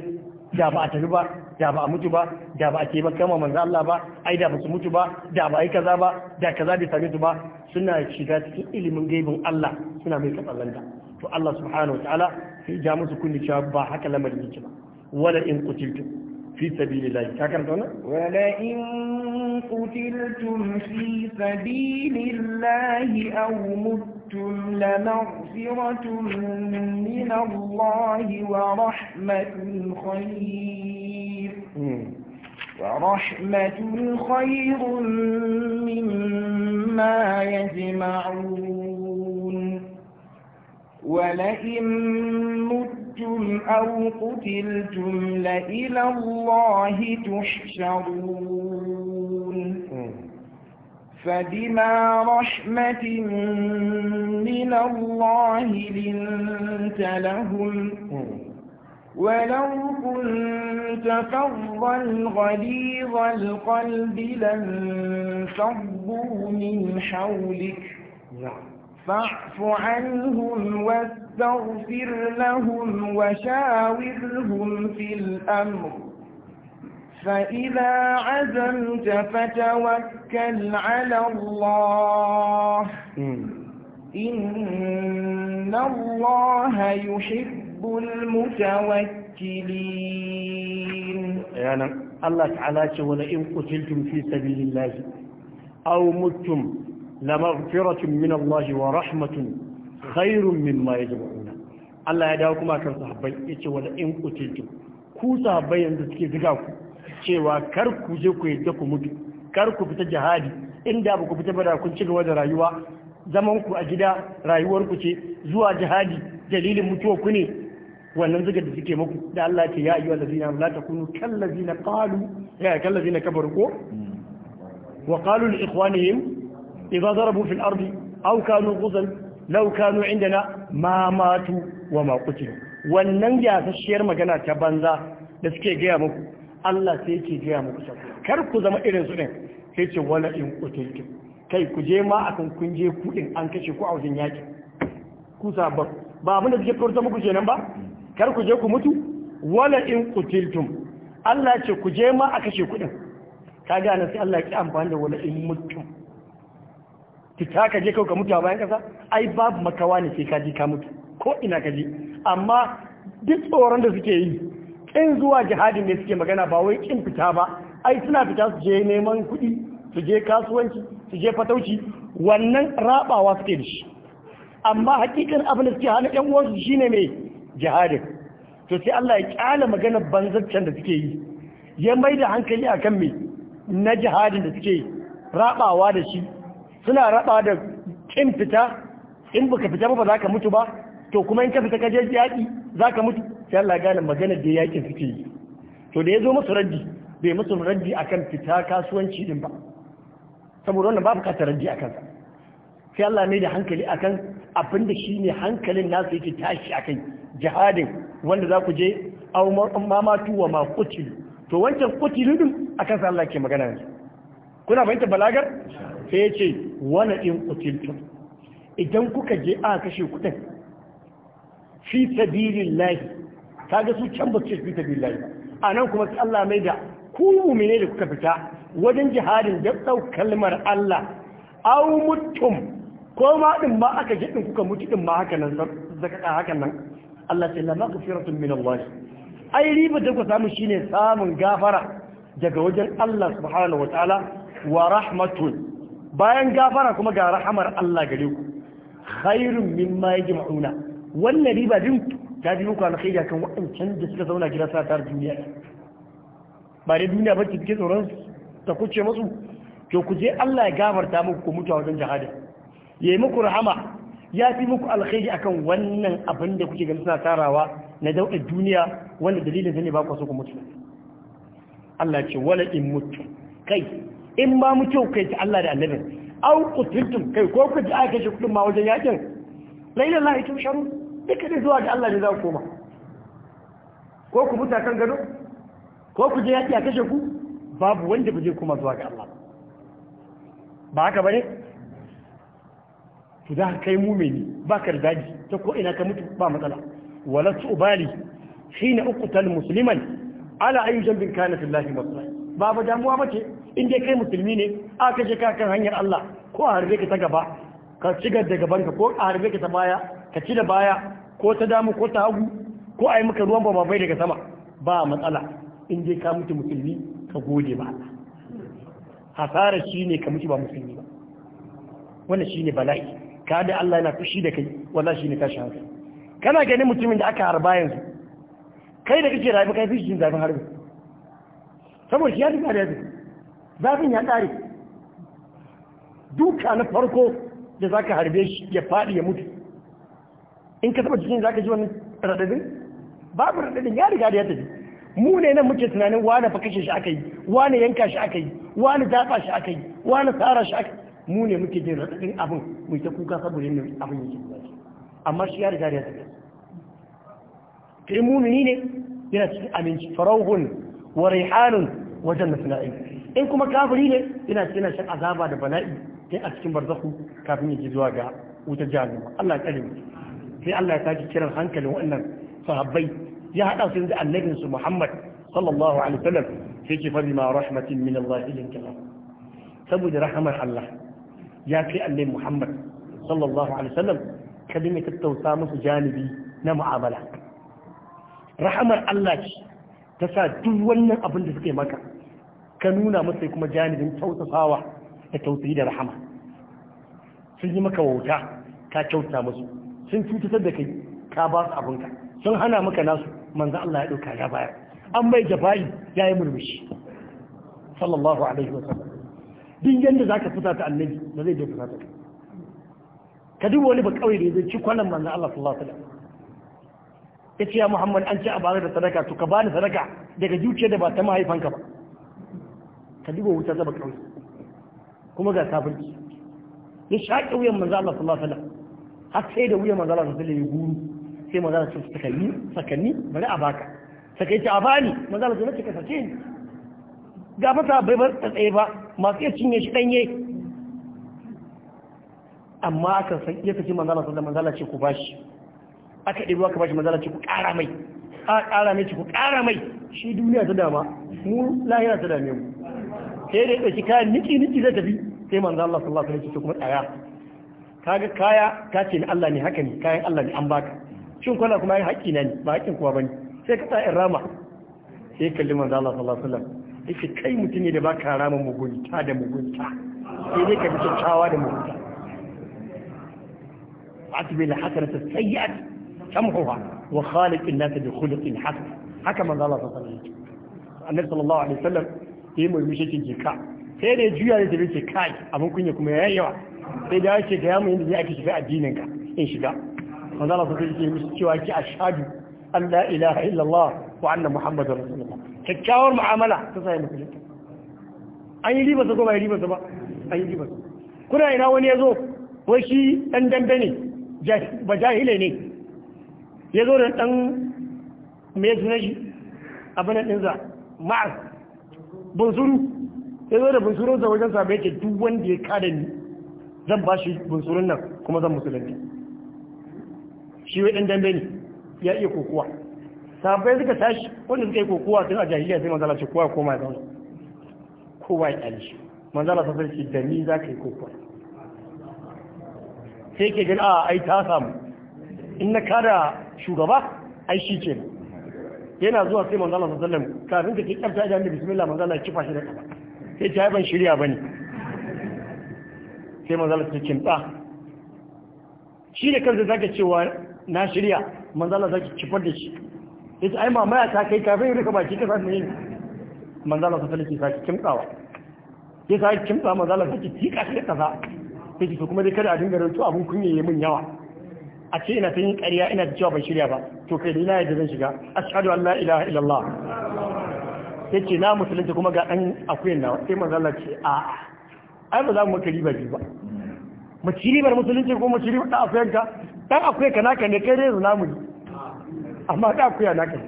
da ba a tafi ba da ba a mutu ba da ba a ba kama manzo Allah ba ai da ba su mutu ba da ba ai kaza ba da kaza bai same su ba suna shiga cikin ilimin gaibin Allah suna mai katsalanta to Allah subhanahu wataala sai ja musu kunni cewa ba haka lamarin yake ba wala in qutiltu fi sabilillah ka karanta wannan wala in قتلتم في سبيل الله أو متم لمغفرة من الله ورحمة خير ورحمة خير مما يجمعون ولئن متم أو قتلتم لإلى الله تحشرون فبما رحمة من الله لنت لهم ولو كنت فظا غليظ القلب لانفضوا من حولك نعم. فاعف عنهم واستغفر لهم وشاورهم في الأمر فإذا عزمت فتوكل على الله إن الله يحب المتوكلين يعني الله تعالى ولئن قتلتم في سبيل الله أو متم لمغفرة من الله ورحمة خير مما يجمعون الله يدعوكم أكثر صحبين ولئن قتلتم كو صحبين تسكي suke cewa kar ku je ku yadda ku mutu kar ku fita jihadi inda ba ku fita ba da kun ci gaba da rayuwa zaman ku a gida rayuwar ku ce zuwa jihadi dalilin mutuwa ku ne wannan zuga da suke muku da Allah ce ya ayyuhal ladina la takunu kal ladina qalu ya eh, kal ladina kabaru ko wa qalu li ikhwanihim idza darabu fil ardi aw kanu ghuzal law kanu indana ma matu wa ma qutilu wannan yasasshiyar magana ta banza da suke gaya muku Allah sai yake jiya muku sa kar ku zama irin su din sai ce wala in qutiltum kai ku je ma akan kun je ku din an kashe ku a wajen yaki ku sabab ba mun da kike furta muku kenan ba kar ku je ku mutu wala in qutiltum Allah ce ku je ma a kashe ku din ga nan sai Allah ki amfani da wala in mutum ta ka je ka mutu a bayan kasa ai babu makawa ne sai ka ji ka mutu ko ina ka ji amma duk tsoron da suke yi in zuwa jihadin ne suke magana ba wai kin fita ba ai suna fita su je neman kuɗi su je kasuwanci su je fatauci wannan rabawa suke da shi amma hakikin abin da suke hana ƴan uwansu shine mai jihadin to sai Allah ya kyala magana banzaccen da suke yi ya mai da hankali akan me na jihadin da suke rabawa da shi suna raba da kin fita in baka fita ba ba za ka mutu ba to kuma in ka fita ka je zaka za mutu sai Allah gane magana da yaƙin suke yi to da ya zo musu raddi bai musu raddi akan fita kasuwanci din ba saboda wannan babu kasa raddi akan sa sai Allah mai da hankali akan abin da shi hankalin nasu yake tashi akai jihadin wanda za ku je aw mamatu wa ma qutilu to wancan qutilu din akan sa Allah ke magana ne kuna bayanta balagar sai ya ce wani in qutiltum idan kuka je aka kashe kudin fi sabilillahi ga su can ba su fi sabilillahi a nan kuma sai Allah mai da ku mu'mine da kuka fita wajen jihadin da ɗau kalmar Allah au mutum ko ma din ma aka ji din kuka mutu din ma haka nan zaka haka nan Allah sai la maghfiratun min Allah ai riba da ku samu shine samun gafara daga wajen Allah subhanahu wataala wa rahmatun bayan gafara kuma ga rahamar Allah gare ku khairun mimma yajma'una wannan riba din ta bi muku alkhairi akan waɗancan da suka zauna gida sa tar duniya ba dai duniya ba kike tsoron ta kuce musu to ku je Allah ya gafarta muku ku mutu a wajen jihada yayi muku rahama ya fi muku alkhairi akan wannan abin da kuke ganin suna tarawa na dauɗe duniya wanda dalilin sa ne ba ku so ku mutu Allah ce wala in mutu kai in ba mu kyau kai ta Allah da annabin au kutuntum kai ko ku ji aka shi kudin ma wajen yakin lailan la ita sharu duka ne zuwa ga Allah ne za ku koma ko ku buta kan gado ko ku je yaki a kashe ku babu wanda ku je kuma zuwa ga Allah ba haka bane to ka kai mu mumini ba ka daji ta ko ina ka mutu ba matsala wala tubali hina uqtal musliman ala ayi jambin kana fillahi masra ba ba damuwa mace in dai kai musulmi ne a kashe ka kan hanyar Allah ko a harbe ka ta gaba ka cigar da gaban ka ko a harbe ka ta baya ka ci da baya ko ta damu ko ta hagu ko a yi maka ruwan ba bai daga sama ba matsala in dai ka mutu musulmi ka gode ba Allah shi ne ka mutu ba musulmi ba wannan ne bala'i ka da Allah yana fushi da kai shi ne ka shi hankali kana ganin mutumin da aka harba yanzu kai da kake rayu kai fi zafin harbi saboda shi ya riga da ya zafin ya ƙare duka na farko da za ka harbe shi ya faɗi ya mutu in ka taba jikin za ka ji wannan raɗaɗin babu raɗaɗin ya riga da ya tafi mu ne nan muke tunanin wane fa kashe shi aka yi wane yanka shi aka yi wane dafa shi aka yi wane tsara shi aka yi mu ne muke jin raɗaɗin abin mu ta kuka saboda yin abin yake amma shi ya riga da ya tafi kai mumini ne yana cikin aminci farauhun wa rihanun wa jannatu na'im in kuma kafiri ne yana cikin shan azaba da bala'i sai a cikin barzakhu kafin ya ji zuwa ga wutar jahannama Allah ya kare mu sai Allah ya sake kiran hankalin wannan sahabbai ya hada su da annabin su Muhammad sallallahu alaihi wasallam sai ce fa bima rahmatin min Allah ilin kalam saboda rahmar Allah ya kai annabi Muhammad sallallahu alaihi wasallam ka dinga tattausa musu janibi na mu'amala rahamar Allah ce ta sa duk wannan abin da suke maka ka nuna masa kuma janibin tausasawa da tausayi da rahama sun yi maka wauta ka kyauta musu sun cutar da kai ka ba su abinka sun hana maka nasu manzo Allah ya dauka ya bayar an bai jafa'i ya yi murmushi sallallahu alaihi wa sallam din yanda zaka fita ta annabi ba zai dauka fita ta ka duba wani ba kawai da zai ci kwanan manzo Allah sallallahu alaihi wa sallam yace ya Muhammad an ci a da sadaka to ka bani sadaka daga zuciyar da ba ta mahaifanka ba ka duba wuta zaba kawai kuma ga kafirci ya shaƙi wuyan manzo Allah sallallahu alaihi wa sallam har sai da wuya manzala su ya guru sai manzala ta sakanni sakanni bari a baka sakai ce a bani manzala ta nace ka sace ni ga fata bai bar ta tsaye ba masu iya cinye shi danye amma aka san iya sace manzala ta da manzala ce ku bashi aka ɗebo aka bashi manzala ce ku ƙara mai a ƙara mai ce ku ƙara mai shi duniya ta dama mu lahira ta dame mu sai da ya ɗauki kayan niki niki zai tafi sai manzo Allah sallallahu alaihi wasallam kuma tsaya kaga kaya ka ce na Allah ne haka ne kayan Allah ne an baka shin kwana kuma yin haƙƙi na ne ba haƙƙin kuwa bane sai ka tsaya rama sai kalli manzo Allah sallallahu alaihi wasallam yace kai mutum ne da baka rama mugunta da mugunta sai dai ka bi kyakkyawa da mugunta atbi la hasanata sayyi'at tamhuha wa khaliq an-nas bi khuluqin hasan haka manzo Allah sallallahu alaihi wasallam annabi sallallahu alaihi wasallam yayi murmushi cikin jika sai da juya da tabi ce kai abin kunya kuma yayi yawa sai da yake gaya mun yadda ake shiga addininka in shiga manzo Allah sai yake musu cewa ki ashhadu an la ilaha illallah wa anna muhammadar rasulullah kyakkyawar mu'amala ta sai musulunci an yi riba ko ba riba ba an yi riba kuna ina wani yazo wai shi dan dandane ba jahile ne yazo da dan me sunan shi abin nan dinsa ma'az bunsuru yazo da bunsurunsa wajen sa bai ce duk wanda ya kada ni zan ba shi bunsurun nan kuma zan musulunci shi wai ɗan dambe ne ya iya kokowa sabai suka tashi wanda suka yi kokowa tun a jahiliya sai manzala ce kowa koma ya zaune. kowa ya ƙyale shi manzala sa sarki da ni za ka yi kokowa sai ke gani a ah, ai ta samu in na kada shugaba ai shi ce yana zuwa sai manzala sa sallam kafin ka ke ƙarfi a jami'in bismillah manzala ya kifa shi da kaba sai ta yi ban shirya ba ne sai manzala ta kimtsa shi da kansa zaka cewa na shirya manzala zaki kifar da shi yace ai mamaya ta kai kafin rika baki ka san ne manzala ta sallaki saki kimtsawa ya saki kimtsa manzala saki tika ta kasa Sai ki kuma dai kada a dinga rantsu abun kunye yayi mun yawa a ce ina tun yin ƙarya ina da cewa ban shirya ba to kai da ina yadda zan shiga ashhadu an la ilaha illallah ce na musulunci kuma ga ɗan akuyan nawa sai manzala ce a'a ai ba za mu maka riba ba mu ci ribar musulunci ko mu ci ribar ɗan akuyanka ɗan akwai ka naka ne kai rezu namu ne amma ɗan akuya naka ne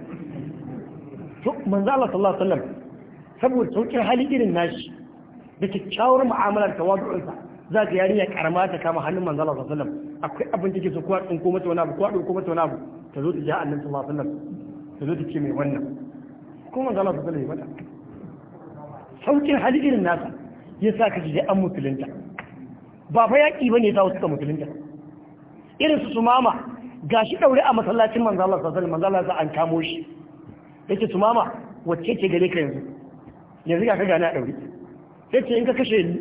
to manzo Allah sallallahu alaihi wasallam saboda sauƙin hali irin nashi da kyakkyawar mu'amalar sa za ka ya karama ta kama hannun manzo Allah sallallahu alaihi wasallam akwai abin da ke so ko ɗin ko mata wani abu ko ɗin ko mata ta zo ta ja annabi sallallahu alaihi wasallam ta zo ta ce mai wannan ko manzo Allah sallallahu alaihi wasallam sauƙin hali irin nasa ya sa ka ji an musulunta ba fa yaƙi ba ne ya sa wasu ka musulunta irin su sumama ga shi ɗaure a masallacin manzala sassan manzala za an kamo shi yace sumama wacce ce gare ka yanzu yanzu ga ka a ɗaure yace in ka kashe ni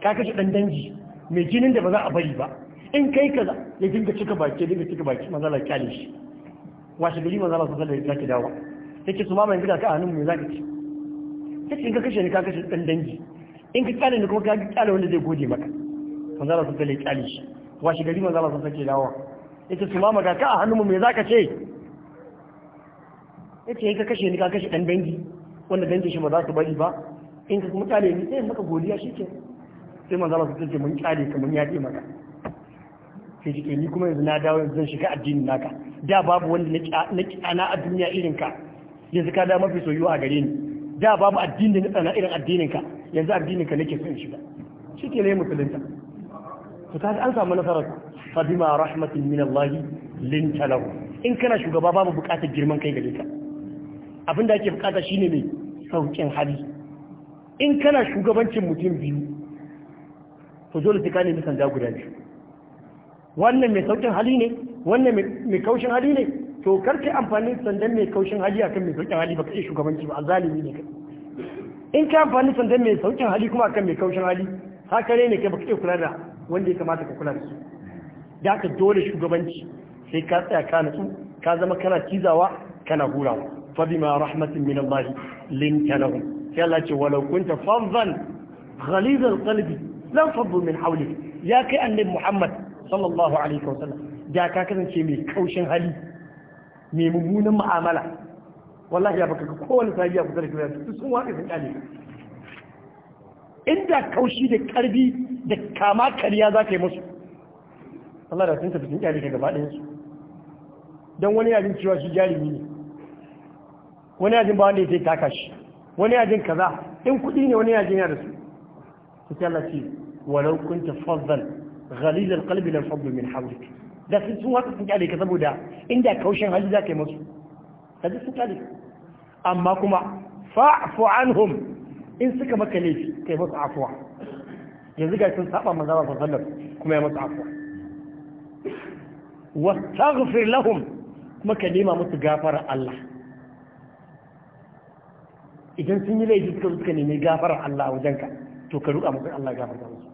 ka kashe dan danji mai jinin da ba za a bari ba in kai kaza ya dinga cika baki dinga cika baki manzala kyale shi washe gari manzo Allah sallallahu ya sake dawo yace sumama yanzu ga ka hannun mu zaka ci yace in ka kashe ni ka kashe dan danji in ka kyale ne kuma ka kyale wanda zai gode maka kan zara sallallahu alaihi kyale shi shi gari ma zara sallallahu sake dawo yace su ma ga ka a hannunmu me zaka ce yace ka kashe ni ka kashe dan dangi wanda dangin shi ba za su bari ba in ka kuma kyale ni sai maka godiya shi ke sai manzo Allah sallallahu alaihi mun kyale ka mun yaje maka sai kike ni kuma yanzu na dawo yanzu zan shiga addinin naka da babu wanda na na a duniya irin ka yanzu ka da mafi soyuwa a gare ni da babu addini da tsana irin addininka yanzu addininka ka nake son shiga shike ne musulunta to kaga an samu nasarar fa bima rahmatin min Allah linta lahu in kana shugaba babu bukatar girman kai gare ka abin da ake bukata shine ne saukin hali in kana shugabancin mutum biyu to dole sai ka nemi sanda guda wannan mai saukin hali ne wannan mai kaushin hali ne to karki amfani da sandan mai kaushin hali akan mai saukin hali baka iya shugabanci ba zalimi ne kai in ka amfani sandan mai saukin hali kuma akan mai kaushin hali haka ne kai baka iya kula da wanda ya kamata ka kula da su da aka dole shugabanci sai ka tsaya ka natsu ka zama kana cizawa kana hurawa fa bima rahmatin min Allah linta lahum sai Allah ce walau kunta fadhan ghaliz qalbi lan faddu min hawlik ya kai annabi Muhammad sallallahu alaihi wasallam da ka kasance mai kaushin hali mai mummunan ma'amala, wallahi ya baka ga kowane sahiya kusa da kiyaye su sun waƙe sun kyale inda kaushi da karbi da kama kariya za ka yi musu Allah da sun tafi sun kyale ka gaba ɗayan don wani yajin cewa shi jarumi ne wani yajin ba wanda ya sai taka shi wani yajin kaza in kuɗi ne wani yajin yana da su su ce Allah ce walau kunta fazzan ghalil alqalbi lan faddu min hawlik da sun sun haka sun kyale ka saboda inda kaushin hali za ka yi ta da sun kyale amma kuma fa'fu anhum in suka maka ka yi musu afuwa yanzu ga sun saba maza ba sallar kuma ya musu afuwa wastaghfir lahum kuma ka nema musu gafara Allah idan sun yi laifi suka suka nemi gafara Allah a wajenka to ka ruka musu Allah gafara musu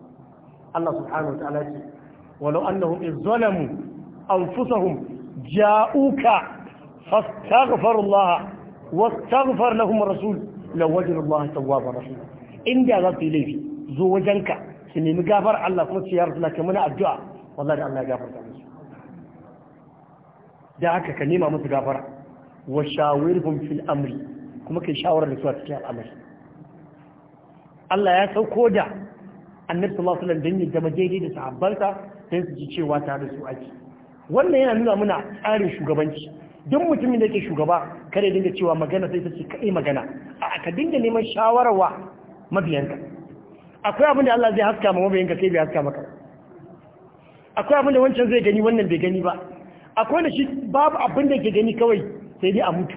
Allah subhanahu wa ta'ala ce ولو أنهم إذ ظلموا أنفسهم جاءوك فاستغفروا الله واستغفر لهم الرسول لوجدوا الله توابا رحيما إن جاء ذات إليه زو وجنك سني مغافر الله كما سيارة لك من الدعاء والله الله يغفر da haka ka nema musu gafara wa shawirhum fil amri kuma kai shawarar da al'amari Allah ya sauko da annabi sallallahu alaihi wasallam dan ya zama da sahabbansa sai su ji cewa tare da su ake wannan yana nuna muna tsarin shugabanci duk mutumin da ke shugaba kare dinga cewa magana sai ta ce kai magana a ka dinga neman shawararwa mabiyanka akwai abin da Allah zai haska ma mabiyanka sai bai haska maka akwai abin da wancan zai gani wannan bai gani ba akwai da shi babu abin da ke gani kawai sai dai a mutu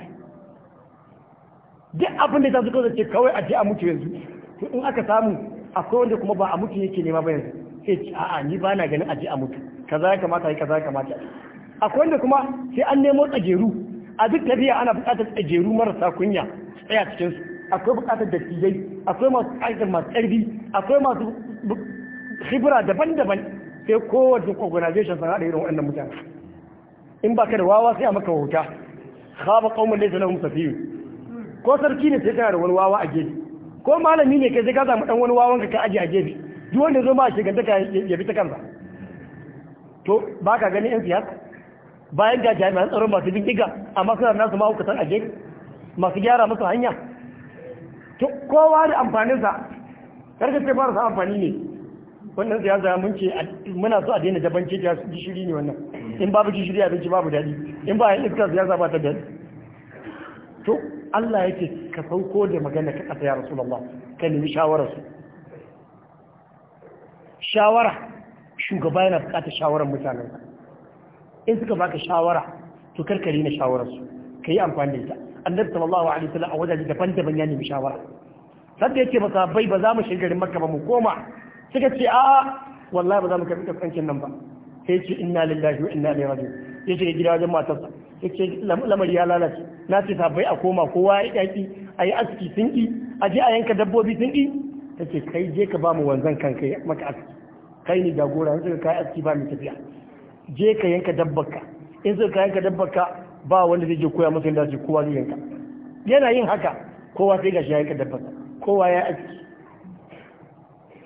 duk abin da ta zuka zace kawai a je a mutu yanzu in aka samu akwai wanda kuma ba a mutu yake nema ba yanzu sai a'a ni ba na ganin a je a mutu kaza ya kamata yi kaza ya kamata akwai wanda kuma sai an nemo tsajeru a duk tafiya ana buƙatar tsajeru marasa kunya tsaya cikin su akwai buƙatar dattijai akwai masu aiki masu ƙarfi akwai masu hibira daban-daban sai kowace organization sana da irin waɗannan mutane in ba ka da wawa sai a maka wauta khaba qaumun laysa lahum safiyu ko sarki ne sai kana da wani wawa a gefe ko malami ne kai sai ka samu dan wani wawan ka ka aje a gefe duk wanda zo ma a shiganta ka ya bi ta kansa to ba ka gani yan siyasa bayan ga jami'an tsaron masu bindiga a suna nasu mahaukatan a gefe masu gyara musu hanya to kowa da amfaninsa karka sai fara sa amfani ne wannan siyasa mun ce muna so a daina jabanci ta gishiri ne wannan in babu gishiri abinci babu daɗi in ba yin iskar siyasa ba ta daɗi to Allah yake ka sauko da magana ka ƙasa ya Rasulullah ka nemi shawararsu shawara shugaba yana bukatar shawarar mutanen in suka baka shawara to karkare na shawarar su ka yi amfani da ita annabi sallallahu alaihi wasallam a wajaje daban-daban ya nemi shawara sadda yake masa bai ba za mu shiga garin makka ba mu koma suka ce a'a wallahi ba za mu karbi kaskancin nan ba sai ce inna lillahi wa inna ilaihi raji'un ya shiga gida wajen matarsa ya ce lamari ya lalace na ce sabai a koma kowa ya yaki a yi aski sun ƙi a je a yanka dabbobi sun ƙi ta ce kai je ka ba mu wanzan kanka maka aski kai ne jagora in suka kai aski ba mai tafiya je ka yanka dabbarka in suka kai yanka dabbarka ba wanda zai je koya masa yadda zai kowa zai yanka yana yin haka kowa sai gashi ya yanka dabbarka kowa ya aski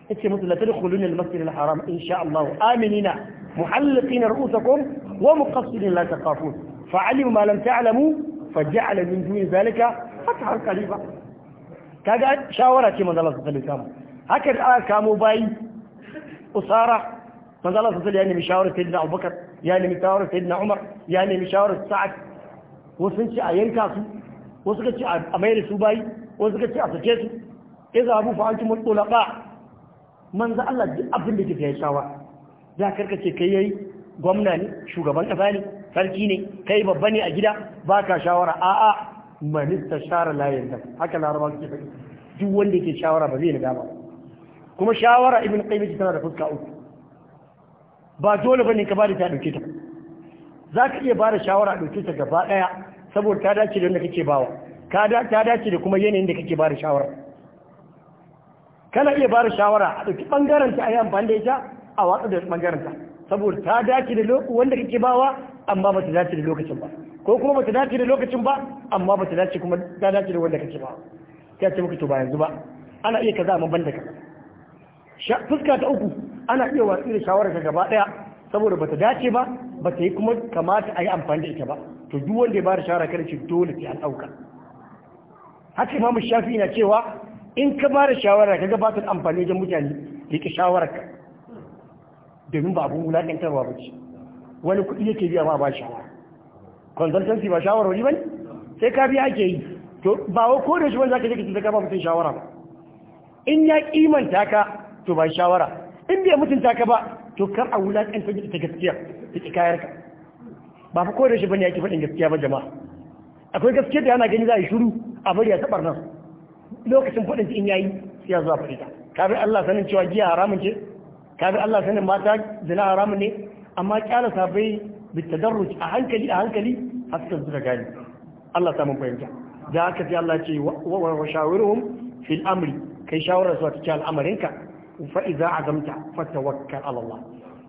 yace musu la tadkhuluna al-masjid al-haram insha Allah aminina muhalliqina ru'usakum wa muqassirin la taqafun fa'alimu ma lam ta'lamu faj'ala min duni zalika fathan qariba kaga shawara ce manzo Allah sallallahu alaihi wasallam haka da aka kamo bayi usara manzo Allah sallallahu ya nemi shawarar sayyidina Abubakar ya nemi shawarar sayyidina Umar ya nemi shawarar Sa'ad wasu ce a yanka su wasu ka ce a mayar su bayi wasu ka ce a sake su idza abu fa antum ulqa manzo Allah abin da kike shawa da karka ce kai yayi gwamna ne shugaban kasa ne sarki ne kai babba ne a gida baka shawara a'a manista shara la yanzu haka suke faɗi duk wanda ke shawara ba zai nada ba kuma shawara ibn qayyim tana da fuska uku ba dole bane ka bada ta dauke ta zaka iya bada shawara dauke ta gaba daya saboda ta dace da wanda kake bawa ka da ta dace da kuma yanayin da kake bada shawara kana iya bada shawara a dauki bangaren ta ayi amfani da ita a watsa da bangaren ta saboda ta dace da lokacin wanda kake bawa amma ba ta dace da lokacin ba ko kuma ba ta dace da lokacin ba amma ba ta dace kuma ta dace da wanda kake bawa ta ce muku to ba yanzu ba ana iya kaza amma ban kaza fuska ta uku ana iya watsi da shawarar ka gaba daya saboda bata dace ba bata yi kuma kamata a yi amfani da ita ba to duk wanda ya bada shawara kada ce dole sai an dauka haka imamu shafi na cewa in ka bada shawara kaga ba ta amfani wajen mutane rike shawarar ka domin ba abun wulakantarwa ba ce wani kuɗi yake biya ma ba shawara consultancy ba shawarwari ba bane sai ka biya ake yi to ba wa ko da shi wani zaka je ka tuntuka ba mutum shawara ba in ya kimanta ka to ba shawara in bai mutunta ka ba to kar a wulakanta ta gaskiya ta ki kayar ka ba fa kodayaushe bane yake faɗin gaskiya ba jama'a akwai gaskiya da yana gani za a yi shiru a bari a tabar nan lokacin faɗin in yayi sai ya zuwa faɗi ta kafin Allah sanin cewa giya haramun ce kafin Allah sanin mata zina haramun ne amma kyala sabai tadarruj a hankali a hankali har suka zuka gani Allah mun fahimta da haka sai Allah ce wa shawiruhum fil amri kai shawarar su a cikin al'amarinka fa'iza azamta fatawakkal Allah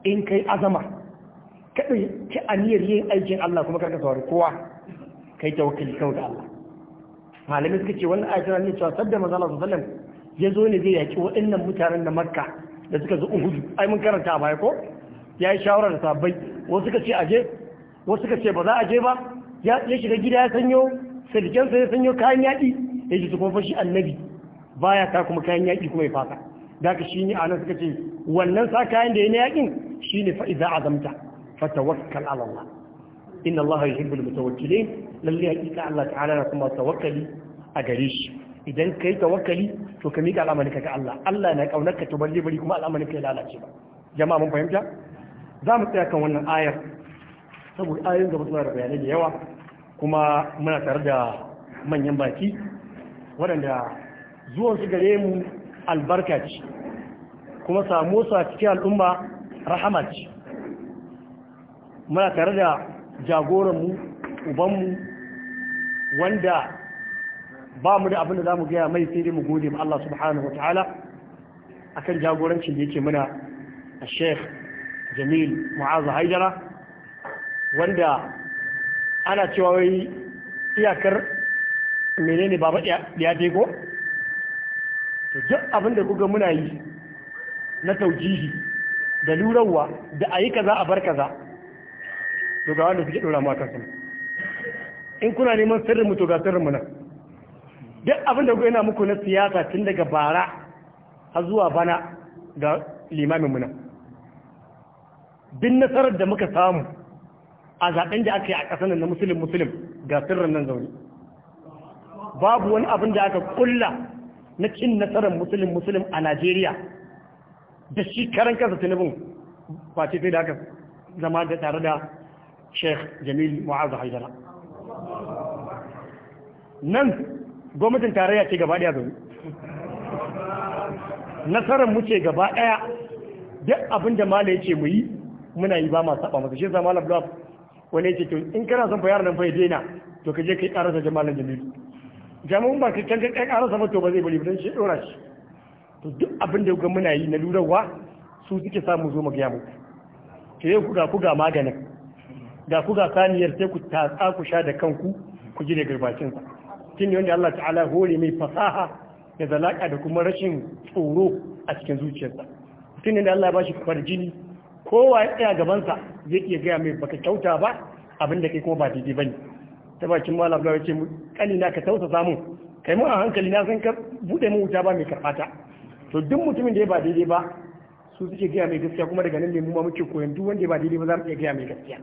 in kai azama kada ki aniyar yin aikin Allah kuma karka sauri kowa kai tawakkali kawai da Allah malamai suka ce wannan ayatun Allah cewa sadda manzo Allah sallallahu alaihi ya zo ne zai yaki waɗannan mutanen da Makka da suka zo uhudu ai mun karanta a baya ko yi shawara da sabbai wasu suka ce aje wasu suka ce ba za a je ba ya shiga gida ya sanyo sirkensa ya sanyo kayan yaƙi ya ji kuma fashi annabi baya ta kuma kayan yaƙi kuma ya fasa da ka shi ne a nan suka ce wannan sa kayan da ya yakin shi ne fa'iza azamta fatawakkal ala Allah inna Allah ya hibbul mutawakkilin lalle hakika Allah ta'ala na kuma tawakkali a gare shi idan kai tawakkali to ka mika al'amarinka ga Allah Allah na kaunar ka to balle bari kuma al'amarinka ya lalace ba jama'a mun fahimta za mu tsaya kan wannan ayar saboda ayoyin gaba suna da bayanai da yawa kuma muna tare da manyan baki waɗanda zuwan su gare mu albarka ce kuma samu sa cikin al'umma rahama ce muna tare da jagoranmu ubanmu wanda ba mu da abin da za mu gaya mai sai dai mu gode ma Allah subhanahu wa ta'ala akan jagorancin da yake muna a sheikh jamil mu'azu haidara wanda ana cewa wai iyakar menene baba ya dego to duk abin da kuka muna yi na taujihi da lurarwa da a yi kaza a bar kaza to ga wanda suke ɗora mu a in kuna neman sirrin mu to ga sirrin mu duk abin da kuka yana muku na siyasa tun daga bara har zuwa bana ga limamin mu na, nasarar da muka samu a zaben da aka yi a ƙasar na musulun musulun ga sirrin nan zaune babu wani abin da aka kulla na cin nasarar musulun musulun a Najeriya da shi karan kansa tunubin ce fi da aka zama da tare da Sheikh Jamil Mu'azu Haidara. Nan gwamnatin tarayya ce gaba ɗaya zaune. Nasarar mu ce gaba ɗaya duk abin da mala ce mu yi muna yi ba ma saba masa shi zama Malam wani ya ce to in kana son fa nan fa ya daina to ka je ka yi ƙarasa Jamalin Jamilu. jami'un ba kai kankan kai karasa ba to ba zai bari don shi dora shi to duk abin da muna yi na lurarwa su suke samu zo mu gaya muku ke yi kuga kuga maganin Ga kuga saniyar sai ku tatsa ku sha da kanku ku ji da garbacinsa tun ne wanda Allah ta'ala hore mai fasaha da zalaka da kuma rashin tsoro a cikin zuciyarsa tun ne da Allah ba shi farjini kowa ya tsaya gabansa zai iya gaya mai baka kyauta ba abin da kai kuma ba daidai bane ta bakin malam ya ce kani na ka tausa mu kai mu a hankali na san kar bude mu wuta ba mai karfata to duk mutumin da ya ba daidai ba su suke gaya mai gaskiya kuma daga nan ne mu ma muke koyon duk wanda ya ba daidai ba za mu iya gaya mai gaskiya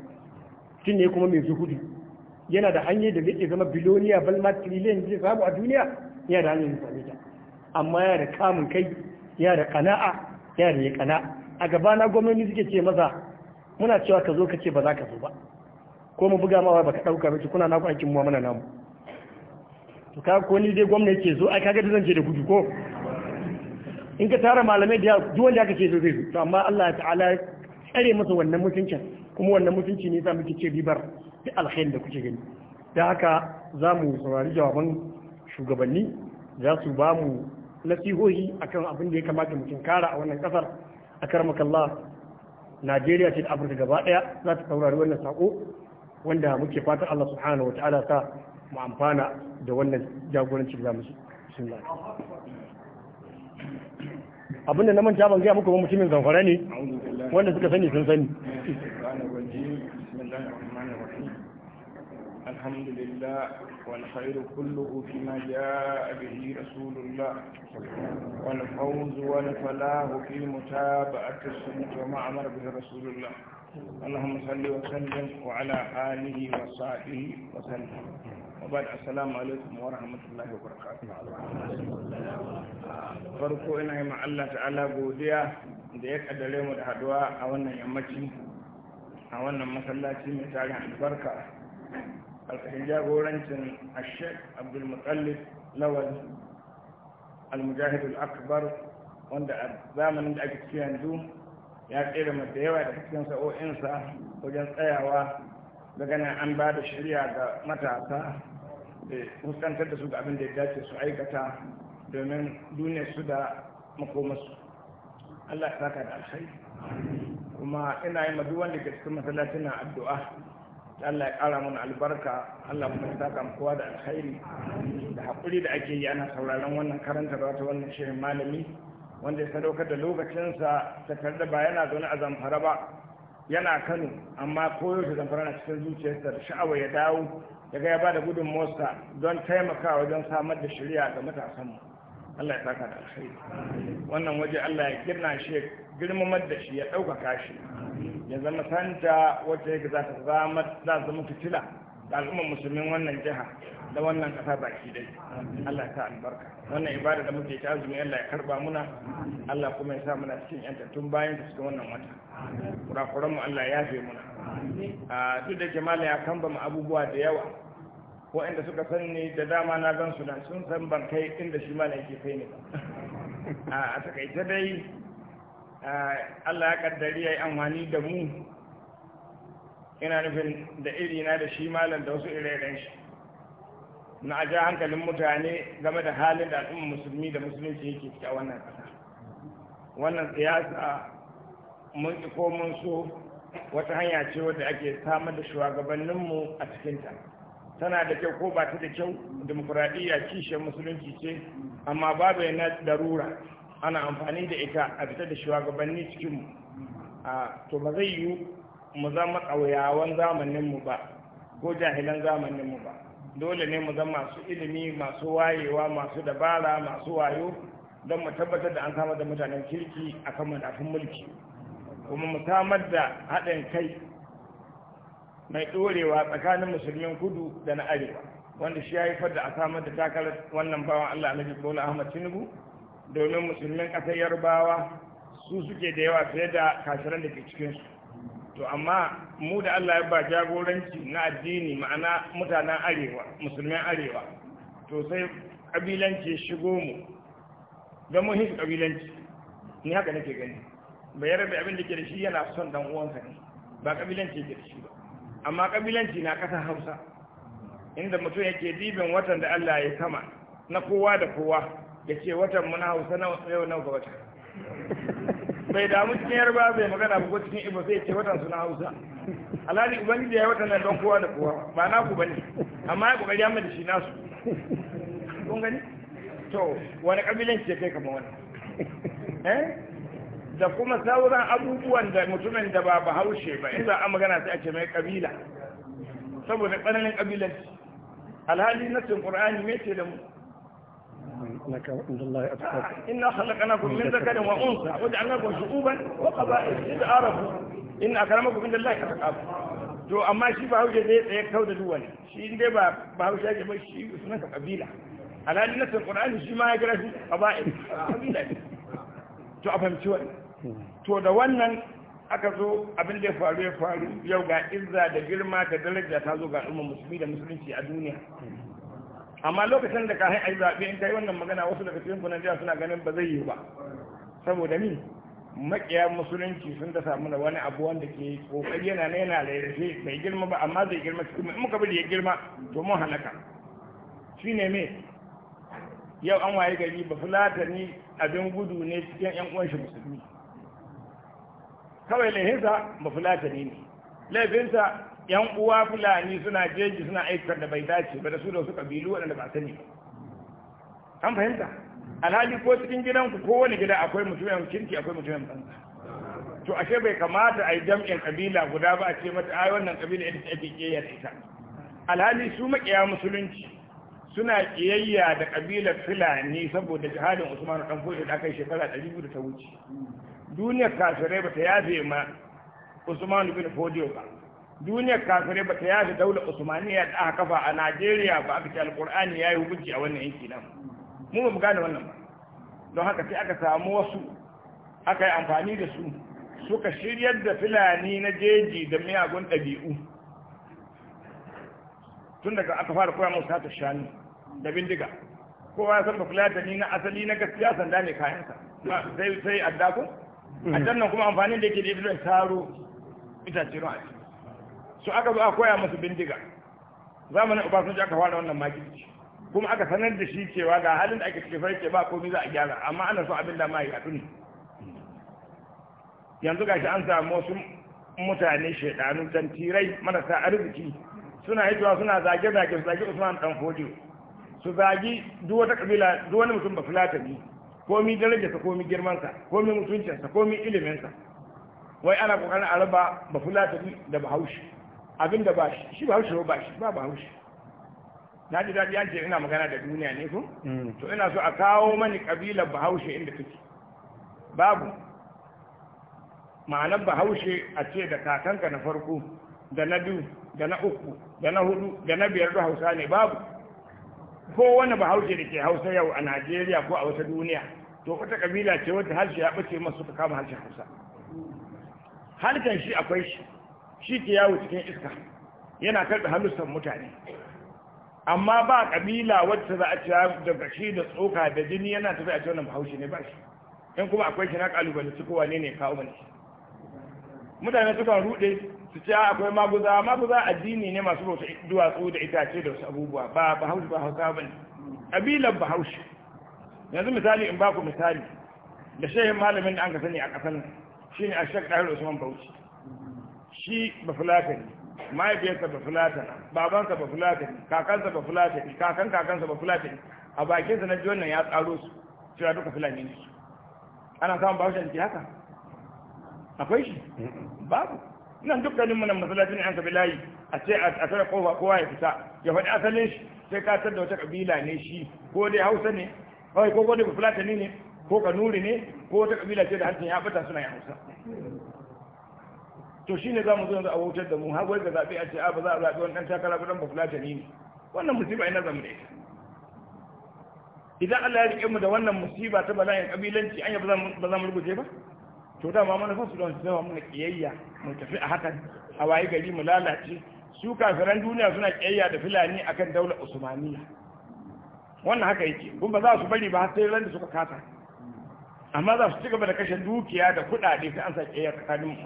tun ne kuma mai zuhudu yana da hanyar da zai zama biloniya balma trillion zai samu a duniya yana da hanyar same ta amma yana da kamun kai yana da kana'a yana da ya kana a gabana gwamnati suke ce masa muna cewa ka zo ka ce ba za ka zo ba ko mu buga mawa baka dauka ba kuna naku aikin mu mana namu to ka ko ni dai gwamnati yake zo ai kaga da zan je da gudu ko in ka tara malamai da duk wanda aka ce zo zai zo to amma Allah ta'ala tsare masa wannan mutunci kuma wannan mutunci ne za muke ce ribar da alkhairin da kuke gani da haka za mu saurari jawaban shugabanni za su ba mu nasihohi akan abin da ya kamata mu kara a wannan kasar a karmakallah Najeriya ce da Afirka gaba ɗaya za ta saurari wannan sako wanda muke fatan Allah subhanahu wa ta'ala ta mu amfana da wannan jagoranci da zamu bismillah abin da na manta ban gaya muku ba mutumin zamfara ne wanda suka sani sun sani الحمد لله والخير كله فيما جاء به رسول الله والفوز والفلاح في متابعة السنة وما أمر به رسول الله اللهم صل وسلم وعلى آله وصحبه وسلم وبعد السلام عليكم ورحمة الله وبركاته farko ina yi Allah ta'ala godiya da ya kaddare mu da haɗuwa a wannan yammaci a wannan masallaci mai tarin albarka alƙashin jagorancin ashek abdulmutallif lawal almujahidul akbar wanda a zamanin da ake cikin yanzu ya tsere mai da yawa da cikin sa'o'insa wajen tsayawa da nan an ba da shirya ga matasa da fuskantar da su ga abin da ya dace su aikata domin duniya su da makomasu Allah ya saka da alkhairi kuma ina yi madu wanda ke cikin masallacin na addu'a Allah ya ƙara mana albarka Allah kuma ya saka mu kowa da alkhairi da haƙuri da ake yi ana sauraron wannan karanta ta wannan shirin malami wanda ya sadaukar da lokacinsa takarda ba yana zaune a zamfara ba yana kano amma koyaushe zamfara na cikin zuciyarsa da sha'awa ya dawo ga ya ba da gudun motsa don taimakawa wajen samar da shirya ga matasanmu Allah ya saka da alkhairi wannan waje Allah ya kirna shi girmamar da shi ya ɗaukaka shi ya zama santa wacce za ta zama fitila da al'ummar musulmin wannan jiha da wannan kasa baki dai Allah ya albarka wannan ibada da muke ta azumi Allah ya karba muna Allah kuma ya sa muna cikin yantattun bayan da cikin wannan wata kurakuran mu Allah ya yafe muna a duk da jama'a ya kamba mu abubuwa da yawa ko inda suka san ni da dama na gan su sun san ban kai inda shi mala yake kai ne a takaice dai Allah ya kaddari yayi amfani da mu ina nufin da iri na da shi malam da wasu ire-iren shi na a ja hankalin mutane game da halin da al'umma musulmi da musulunci yake ciki a wannan ƙasa wannan siyasa mun ki ko mun so wata hanya ce wadda ake samar da shugabanninmu a cikinta tana da kyau ko ba ta da kyau demokuraɗiyya kishiyar musulunci ce amma babu yana darura ana amfani da ita a fitar da shugabanni cikinmu to ba zai yiwu mu zama ƙauyawan zamaninmu ba ko jahilan zamaninmu ba dole ne mu zama masu ilimi masu wayewa masu dabara masu wayo don mu tabbatar da an samar da mutanen kirki a kan madafin mulki kuma mu samar da haɗin kai mai ɗorewa tsakanin musulmin kudu da na arewa wanda shi ya haifar da a samar da takarar wannan bawan allah na bola ahmad tinubu domin musulmin ƙasar yarbawa su suke da yawa fiye da kashiran da ke cikinsu to amma mu da Allah ya ba jagoranci na addini ma'ana mutanen arewa musulman arewa to sai kabilanci shigo mu don mun hisu kabilanci ni haka nake gani bai rabe abin da ke da shi yana son dan uwansa ne ba kabilanci ke da shi ba amma kabilanci na ƙasar Hausa inda mutum yake dibin watan da Allah ya sama na kowa da kowa ya ce watan mu na Hausa na yau na wata bai damu cikin yarba bai magana ba ko cikin ibo sai ce watan suna hausa alhali ubangiji ya yi watan nan don kowa da kowa ba na ku bane amma ya kokari amma da shi nasu kun gani to wani kabilanci ce kai kama wani eh? da kuma sauran abubuwan da mutumin da ba bahaushe ba in za a magana sai a ce mai kabila saboda tsananin kabilanci alhali nasin qur'ani me ce da mu إنك عند الله خلقناكم من ذكر وجعلناكم شعوبا وقبائل لتعارفوا عند الله to amma shi zai tsaye kau da duwani shi ba ya shi kabila alhali na sun qur'ani shi ma ya shi qaba'il kabila to to da wannan aka zo abin da ya faru ya faru yau ga izza da girma da daraja ta zo ga al'ummar musulmi da musulunci a duniya amma lokacin da ka hai ai zaɓe in kai wannan magana wasu daga cikin kunan jiya suna ganin ba zai yi ba saboda ni makiya musulunci sun ta samu wani abu wanda ke kokari yana na yana bai girma ba amma zai girma cikin in muka bari ya girma to mun halaka shine me yau an waye gari ba fulatani abin gudu ne cikin yan uwan shi musulmi kawai laihinsa ba fulatani ne laifinsa yan uwa fulani suna jeji suna aikar da bai dace ba da su da su kabilu waɗanda ba sani ba an fahimta alhali ko cikin gidanku ko wani gida akwai mutumin kirki akwai mutumin banza to ashe bai kamata a yi jam'in kabila guda ba a ce mata ai wannan kabila ita take kiyayyar ita alhali su makiya musulunci suna kiyayya da kabilar fulani saboda jihadin usman dan fodi da kai shekara 200 ta wuce duniyar kafirai ba ta yafe ma usman bin fodio ba duniyar kafirai ba ta yada daular usmaniya da aka kafa a najeriya ba aka ce alkur'ani ya yi hukunci a wannan yanki nan mu ba mu gane wannan ba don haka sai aka samu wasu aka yi amfani da su suka shiryar da filani na jeji da miyagun ɗabi'u tun daga aka fara koya musu sata shanu da bindiga kowa ya san ba fulatani na asali na gaskiya sanda ne kayansa sai sai addako hmm. a nan kuma amfani da yake da ita da taro itace ruwa su aka zo a koya musu bindiga zamanin obasanjo aka fara wannan makirci kuma aka sanar da shi cewa ga halin da ake cike farce ba komai za a gyara amma ana so abin da ma yi tuni yanzu gashi an samu wasu mutane shaidanu tirai marasa arziki suna hitowa suna zage-zage su zage usman dan fodi su zagi duk wata kabila duk wani mutum ba fulatani komi darajarsa komi girmansa komi mutuncinsa komi iliminsa wai ana kokarin a raba ba da bahaushe abin da ba shi shi ba haushe ba shi ba ba haushe na ji daɗi yance ina magana da duniya ne ko mm. to ina so a kawo mani ba bahaushe inda take babu ma'anar bahaushe a ce da kakanka na farko da na biyu da na uku da na hudu da na biyar da hausa ne babu ko wani bahaushe da ke hausa yau a najeriya ko a wata duniya to wata kabila ce wata harshe ya ɓace masu suka kama harshen hausa harshen shi akwai shi shi ke yawo cikin iska yana karɓe halussan mutane amma ba kabila wacce za a ce daga shi da tsoka da jini yana tafi a cewa wannan bahaushe ne ba shi in kuma akwai shi na kalubale su kowa ne ne kawo mani mutane sukan rude su ce akwai maguza maguza addini ne masu bauta duwatsu da itace da wasu abubuwa ba bahaushe ba hausa ba ne kabilan bahaushe yanzu misali in baku misali da shehin malamin da an ka sani a ƙasar nan ne a shek ɗahir usman bauchi shi ne, mahaifiyarsa ne babansa ne kakansa ne kakan kakansa ne. a bakinsa na ji wannan ya tsaro su cewa duka fulani ne ana samun bahaushe da ke haka akwai shi babu nan dukkanin mu nan masallacin an kabi layi a ce a tare kowa kowa ya fita ya faɗi asalin shi sai ka tar da wata kabila ne shi ko dai hausa ne kawai ko dai fulata ne ko kanuri ne ko wata kabila ce da harshen ya bata suna ya hausa to shi ne za mu zo a wautar da mu har wai ga zaɓe a ce a ba za a zaɓi wani ɗan takara ba ɗan ba fulatani ne wannan musiba ina zamu da ita idan Allah ya riƙe mu da wannan musiba ta bala'in kabilanci an yi ba za mu rubuce ba to dama manufar su don su zama muna kiyayya mu tafi a hakan a waye gari mu lalace su kafiran duniya suna kiyayya da fulani akan daular usmaniya wannan haka yake kuma ba za su bari ba sai ran da suka kasa amma za su ci gaba da kashe dukiya da kuɗaɗe sai an sake ya tsakanin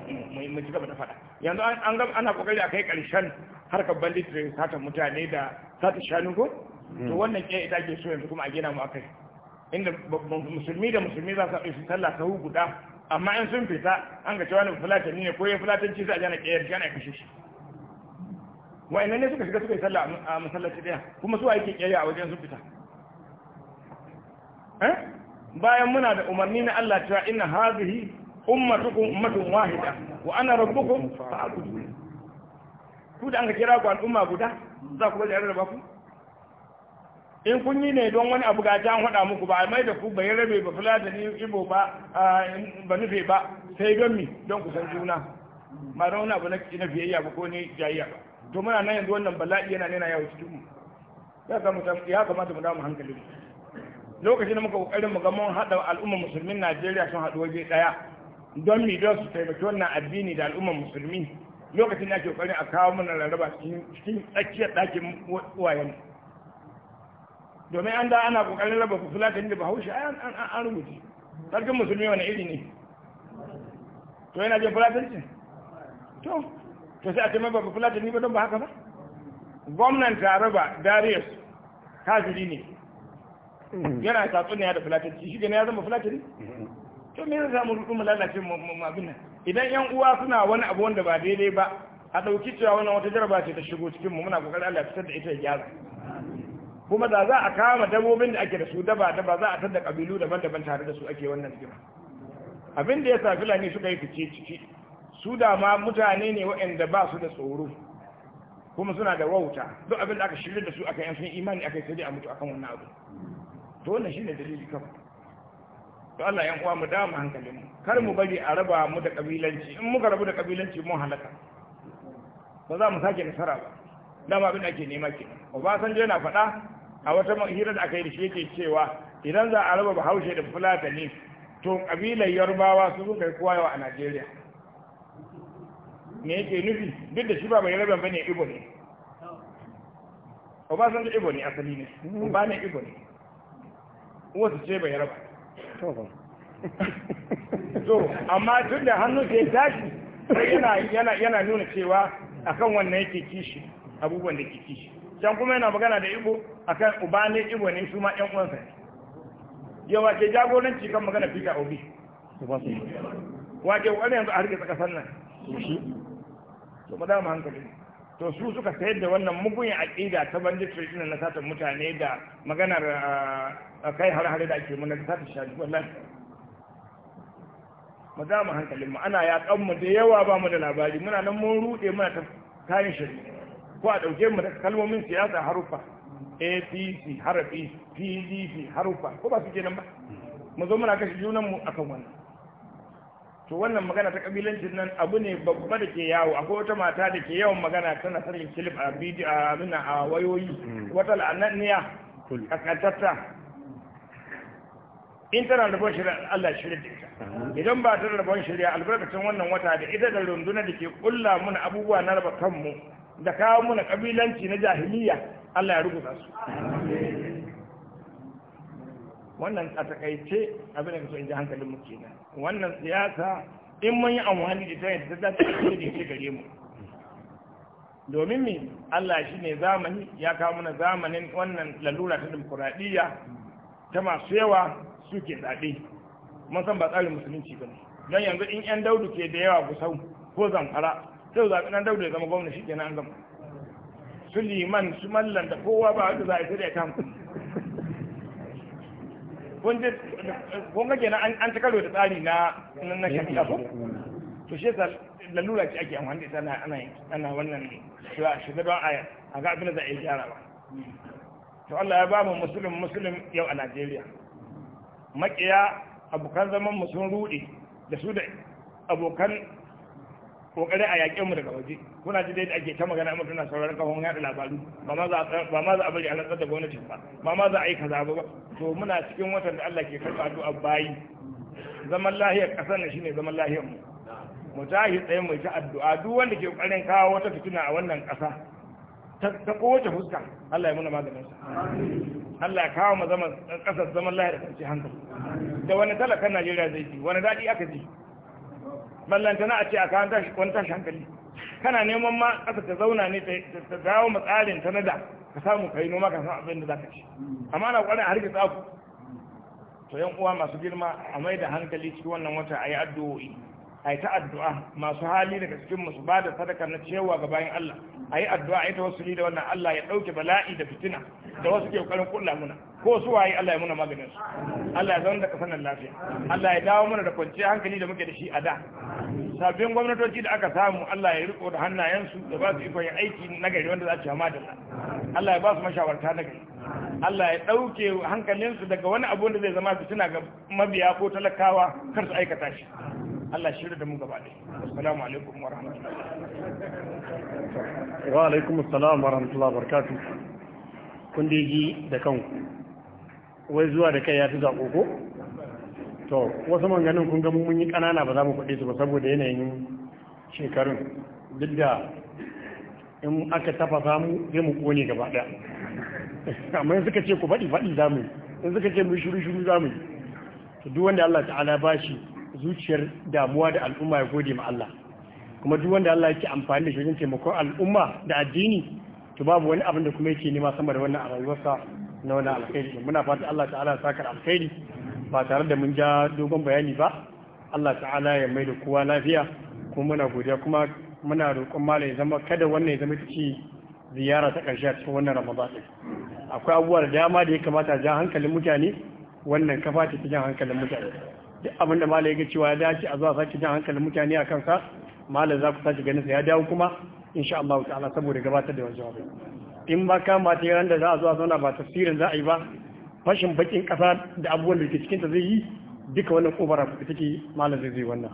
mai ci gaba da faɗa yanzu an ga ana kokari a kai ƙarshen harkar da sata mutane da sata shanu ko hmm. to wannan ke ita ke so yanzu kuma a gina mu akai inda musulmi da musulmi za su yi sallah hu guda amma in sun fita an ga cewa ne fulatani ne ko ya fulatanci sai a ke ƙeyar jana kashe shi wa'annan ne suka shiga suka yi sallah a masallaci ɗaya kuma su ake yake a wajen sun fita eh? bayan muna da umarni na Allah cewa inna hadhihi ummatukum ummatun wahida wa ana rabbukum fa'budun ku da an kira ku al'umma guda za ku bari da ku in kun yi ne don wani abu ga an hada muku ba a mai da ku bai rabe ba fula da ibo ba ba nufe ba sai don mi don ku san juna ma don wani abu na biyayya ba ko ne jayayya ba to muna nan yanzu wannan bala'i yana nena yawo cikin mu ya kamata mu damu hankali lokacin da muka kokarin mu ga mun hada al'ummar musulmin Najeriya sun haɗu waje ɗaya don mi don su taimaki wannan addini da al'ummar musulmi lokacin da ake kokarin a kawo mana laraba cikin tsakiyar ɗakin uwayen domin an da ana kokarin raba fulatani da bahaushe an rubuce sarkin musulmi wani iri ne to yana jin fulatanci to to sai a ce mai ba fulatani ba don ba haka ba gwamnan taraba darius kafiri ne yana tatsuniya da fulatanci shi ne ya zama fulatani to me zai samu rudu mu lalace mu abin nan idan yan uwa suna wani abu wanda ba daidai ba a dauki cewa wani wata jaraba ce ta shigo cikin mu muna kokarin Allah fitar da ita ya gyara kuma da za a kama dabobin da ake da su daba daba za a tada kabilu daban-daban tare da su ake wannan rigima abin da ya sa filani suka yi fice ciki su da ma mutane ne waɗanda ba su da tsoro kuma suna da wauta duk abin da aka shirya da su akan yan sun imani akai sai dai a mutu akan wannan abu to wannan shine dalili kafa to Allah yan uwa mu dama hankali mu kar mu bari a raba mu da kabilanci in muka rabu da kabilanci mun halaka ba za mu sake nasara ba dama abin da ake nema ke Obasanjo yana faɗa a wata hira da aka yi da shi yake cewa idan za a raba Bahaushe da ne to kabilan Yarbawa su suka kai kowa yawa a Najeriya me yake nufi duk da shi ba bai raba bane Ibo ne Obasanjo Ibo ne asali ne ba ne Ibo ne wasu ce bai raba to amma tun da hannu ke tashi yana nuna cewa akan wannan yake kishi abubuwan da ke kishi can kuma yana magana da ibo akan uba ne ibo ne su ma yan uwansa yawa ke jagoranci kan magana fika obi wake wani yanzu a harkar kasar nan to ba za mu hankali to su suka sayar da wannan mugun aƙida ta bandit ɗin na satan mutane da maganar ah, kai har har da ake muna satan shaji wallahi mu za mu hankalin mu ana yaƙan mu da yawa ba mu da labari muna nan mun ruɗe muna ta kayan shari'a ko a ɗauke mu da kalmomin siyasa harufa apc harafi pdp harufa ko ba su nan ba mu zo muna kashe junan mu akan wannan to wannan magana ta kabilancin nan abu ne babba da ke yawo akwai wata mata da ke yawan magana tana sanin kilif a bidiyo a nuna wayoyi hmm. wata la'ananniya kaskantatta in tana rabon shirya, Allah shirya da ita idan ba ta rabon shirya, albarkacin wannan wata da ita da runduna da ke kulla muna abubuwa na raba kanmu da kawo muna kabilanci na jahiliya Allah ya rubuta su wannan a takaice abin da ka so in ji hankalin mu kenan wannan siyasa in mun yi amfani da ita ta ta ce da ke gare mu domin mi Allah shi ne zamani ya kawo mana zamanin wannan lalura ta demokuraɗiyya ta masu yawa suke zaɓe mun san ba tsarin musulunci ba ne don yanzu in 'yan daudu ke da yawa gusau ko zamfara sai zaɓi nan daudu ya zama gwamna shi kenan an gama suliman su mallan da kowa ba wanda za a yi sai da ya kama kun ga kenan an ta karo da tsari na na shari'a abu to shi yasa lalura ce ake amfani da ita ana ana wannan shi shiga don aya a ga abin da za a yi gyara ba to Allah ya ba mu musulun musulun yau a Najeriya makiya abokan zaman mu sun rude da su da abokan kokari a yaƙe mu daga waje kuna ji dai ake ta magana amma tana sauraron kafin yaɗa labaru ba ma za a bari a da gwamnati ba ba ma za a yi kaza ba to muna cikin watan da Allah ke karɓa addu'a bayi zaman lahiyar ƙasar ne shine zaman lahiyar mu mu tashi tsaye mu ta addu'a duk wanda ke ƙoƙarin kawo wata fitina a wannan ƙasa ta kowace fuska Allah ya muna maganin sa Allah ya kawo mu zaman ƙasar zaman lahiyar da kwanciyar hankali da wani talakan Najeriya zai ji wani daɗi aka ji ballantana a ce a kawo wani tashi hankali kana neman ma ƙasa ta zauna ne ta dawo matsalin ta nada ka samu ka yi noma ka san abin da za ka ci amma na kwarin har ki tsaku to yan uwa masu girma a mai da hankali cikin wannan wata a yi addu'o'i a yi ta addu'a masu hali daga cikin musu bada da sadaka na cewa ga bayan Allah a yi addu'a a yi tawassuli da wannan Allah ya ɗauke bala'i da fitina da wasu ke ƙoƙarin kulla muna ko su waye Allah ya muna maganin su Allah ya zama da kasar lafiya Allah ya dawo mana da kwanciyar hankali da muke da shi a da sabbin gwamnatoci da aka samu Allah ya riko da hannayensu da ba su ikon aiki na gari wanda za su hama da Allah ya ba su mashawarta na gari Allah ya ɗauke hankalinsu daga wani abu da zai zama fitina ga mabiya ko talakawa kar su aikata shi Allah shirya da mu gaba ɗaya assalamu alaikum wa rahmatullahi wa alaikum assalam wa rahmatullahi wa barakatuh kun da ji da kanku wai zuwa da kai ya fi zaƙo ko to wasu manganin kun ga mun yi ƙanana ba za mu faɗe su ba saboda yanayin shekarun duk da in aka tafasa mu zai mu kone gaba ɗaya amma in suka ce ku faɗi faɗi za mu in suka ce mu shiru shiru za mu duk wanda Allah ta'ala ba shi zuciyar damuwa da al'umma ya gode ma Allah kuma duk wanda Allah yake amfani da shi wajen taimako al'umma da addini to babu wani abin da kuma yake nema sama da wannan a rayuwarsa na wannan alkhairi muna fata Allah ta'ala ya saka alkhairi ba tare da mun ja dogon bayani ba Allah ta'ala ya mai da kowa lafiya kuma muna godiya kuma muna roƙon malam ya zama kada wannan ya zama ci ziyara ta ƙarshe a cikin wannan Ramadan akwai abubuwa da dama da ya kamata ja hankalin mutane wannan kafa ta jan hankalin mutane duk abin da malai ga cewa ya dace a zuwa sake jan hankalin mutane a kansa malai za ku sake ganin sa ya dawo kuma insha Allah ta'ala saboda gabatar da wani jawabi in ba ka ma ta yaran da za a zuwa zauna ba tasirin za a yi ba fashin bakin kasa da abubuwan da ke cikin ta zai yi duka wannan kofar da take malai zai zai wannan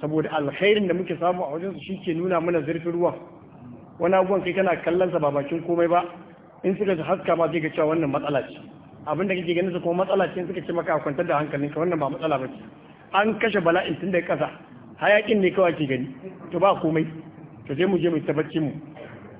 saboda alkhairin da muke samu a wajen su shike nuna mana zurfin ruwan wani abubuwan kai kana kallon sa ba bakin komai ba in suka haska ma zai ga cewa wannan matsala ce abinda kake ganin su kuma matsala ce suka ce maka kwantar da ka wannan ba matsala ba ce an kashe bala'in tun da kasa hayakin ne kawai ke gani to ba komai to sai mu je mu tabbaci mu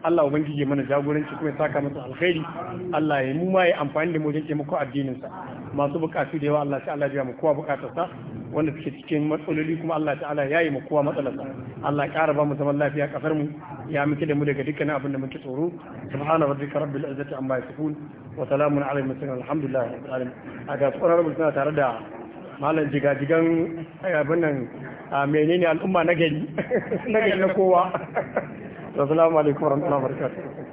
Allah ubangiji mana jagoranci kuma ya saka masa alkhairi Allah ya mu ma ya amfani da mu wajen taimako addinin sa masu bukatu da yawa Allah ta'ala biya mu kowa bukatarsa wanda suke cikin matsaloli kuma Allah ta'ala ya yi mu kowa matsalarsa Allah ya ƙara ba mu zaman lafiya kafar mu ya miki da mu daga dukkan abin da muke tsoro subhana rabbika rabbil izzati amma yasifun wa salamun ala al-mursalin alhamdulillahi rabbil alamin a ga tsoron rabbil suna tare da malam jigajigan eh, abin nan ah, menene al'umma na gari na gari na kowa assalamu alaikum warahmatullahi wabarakatuh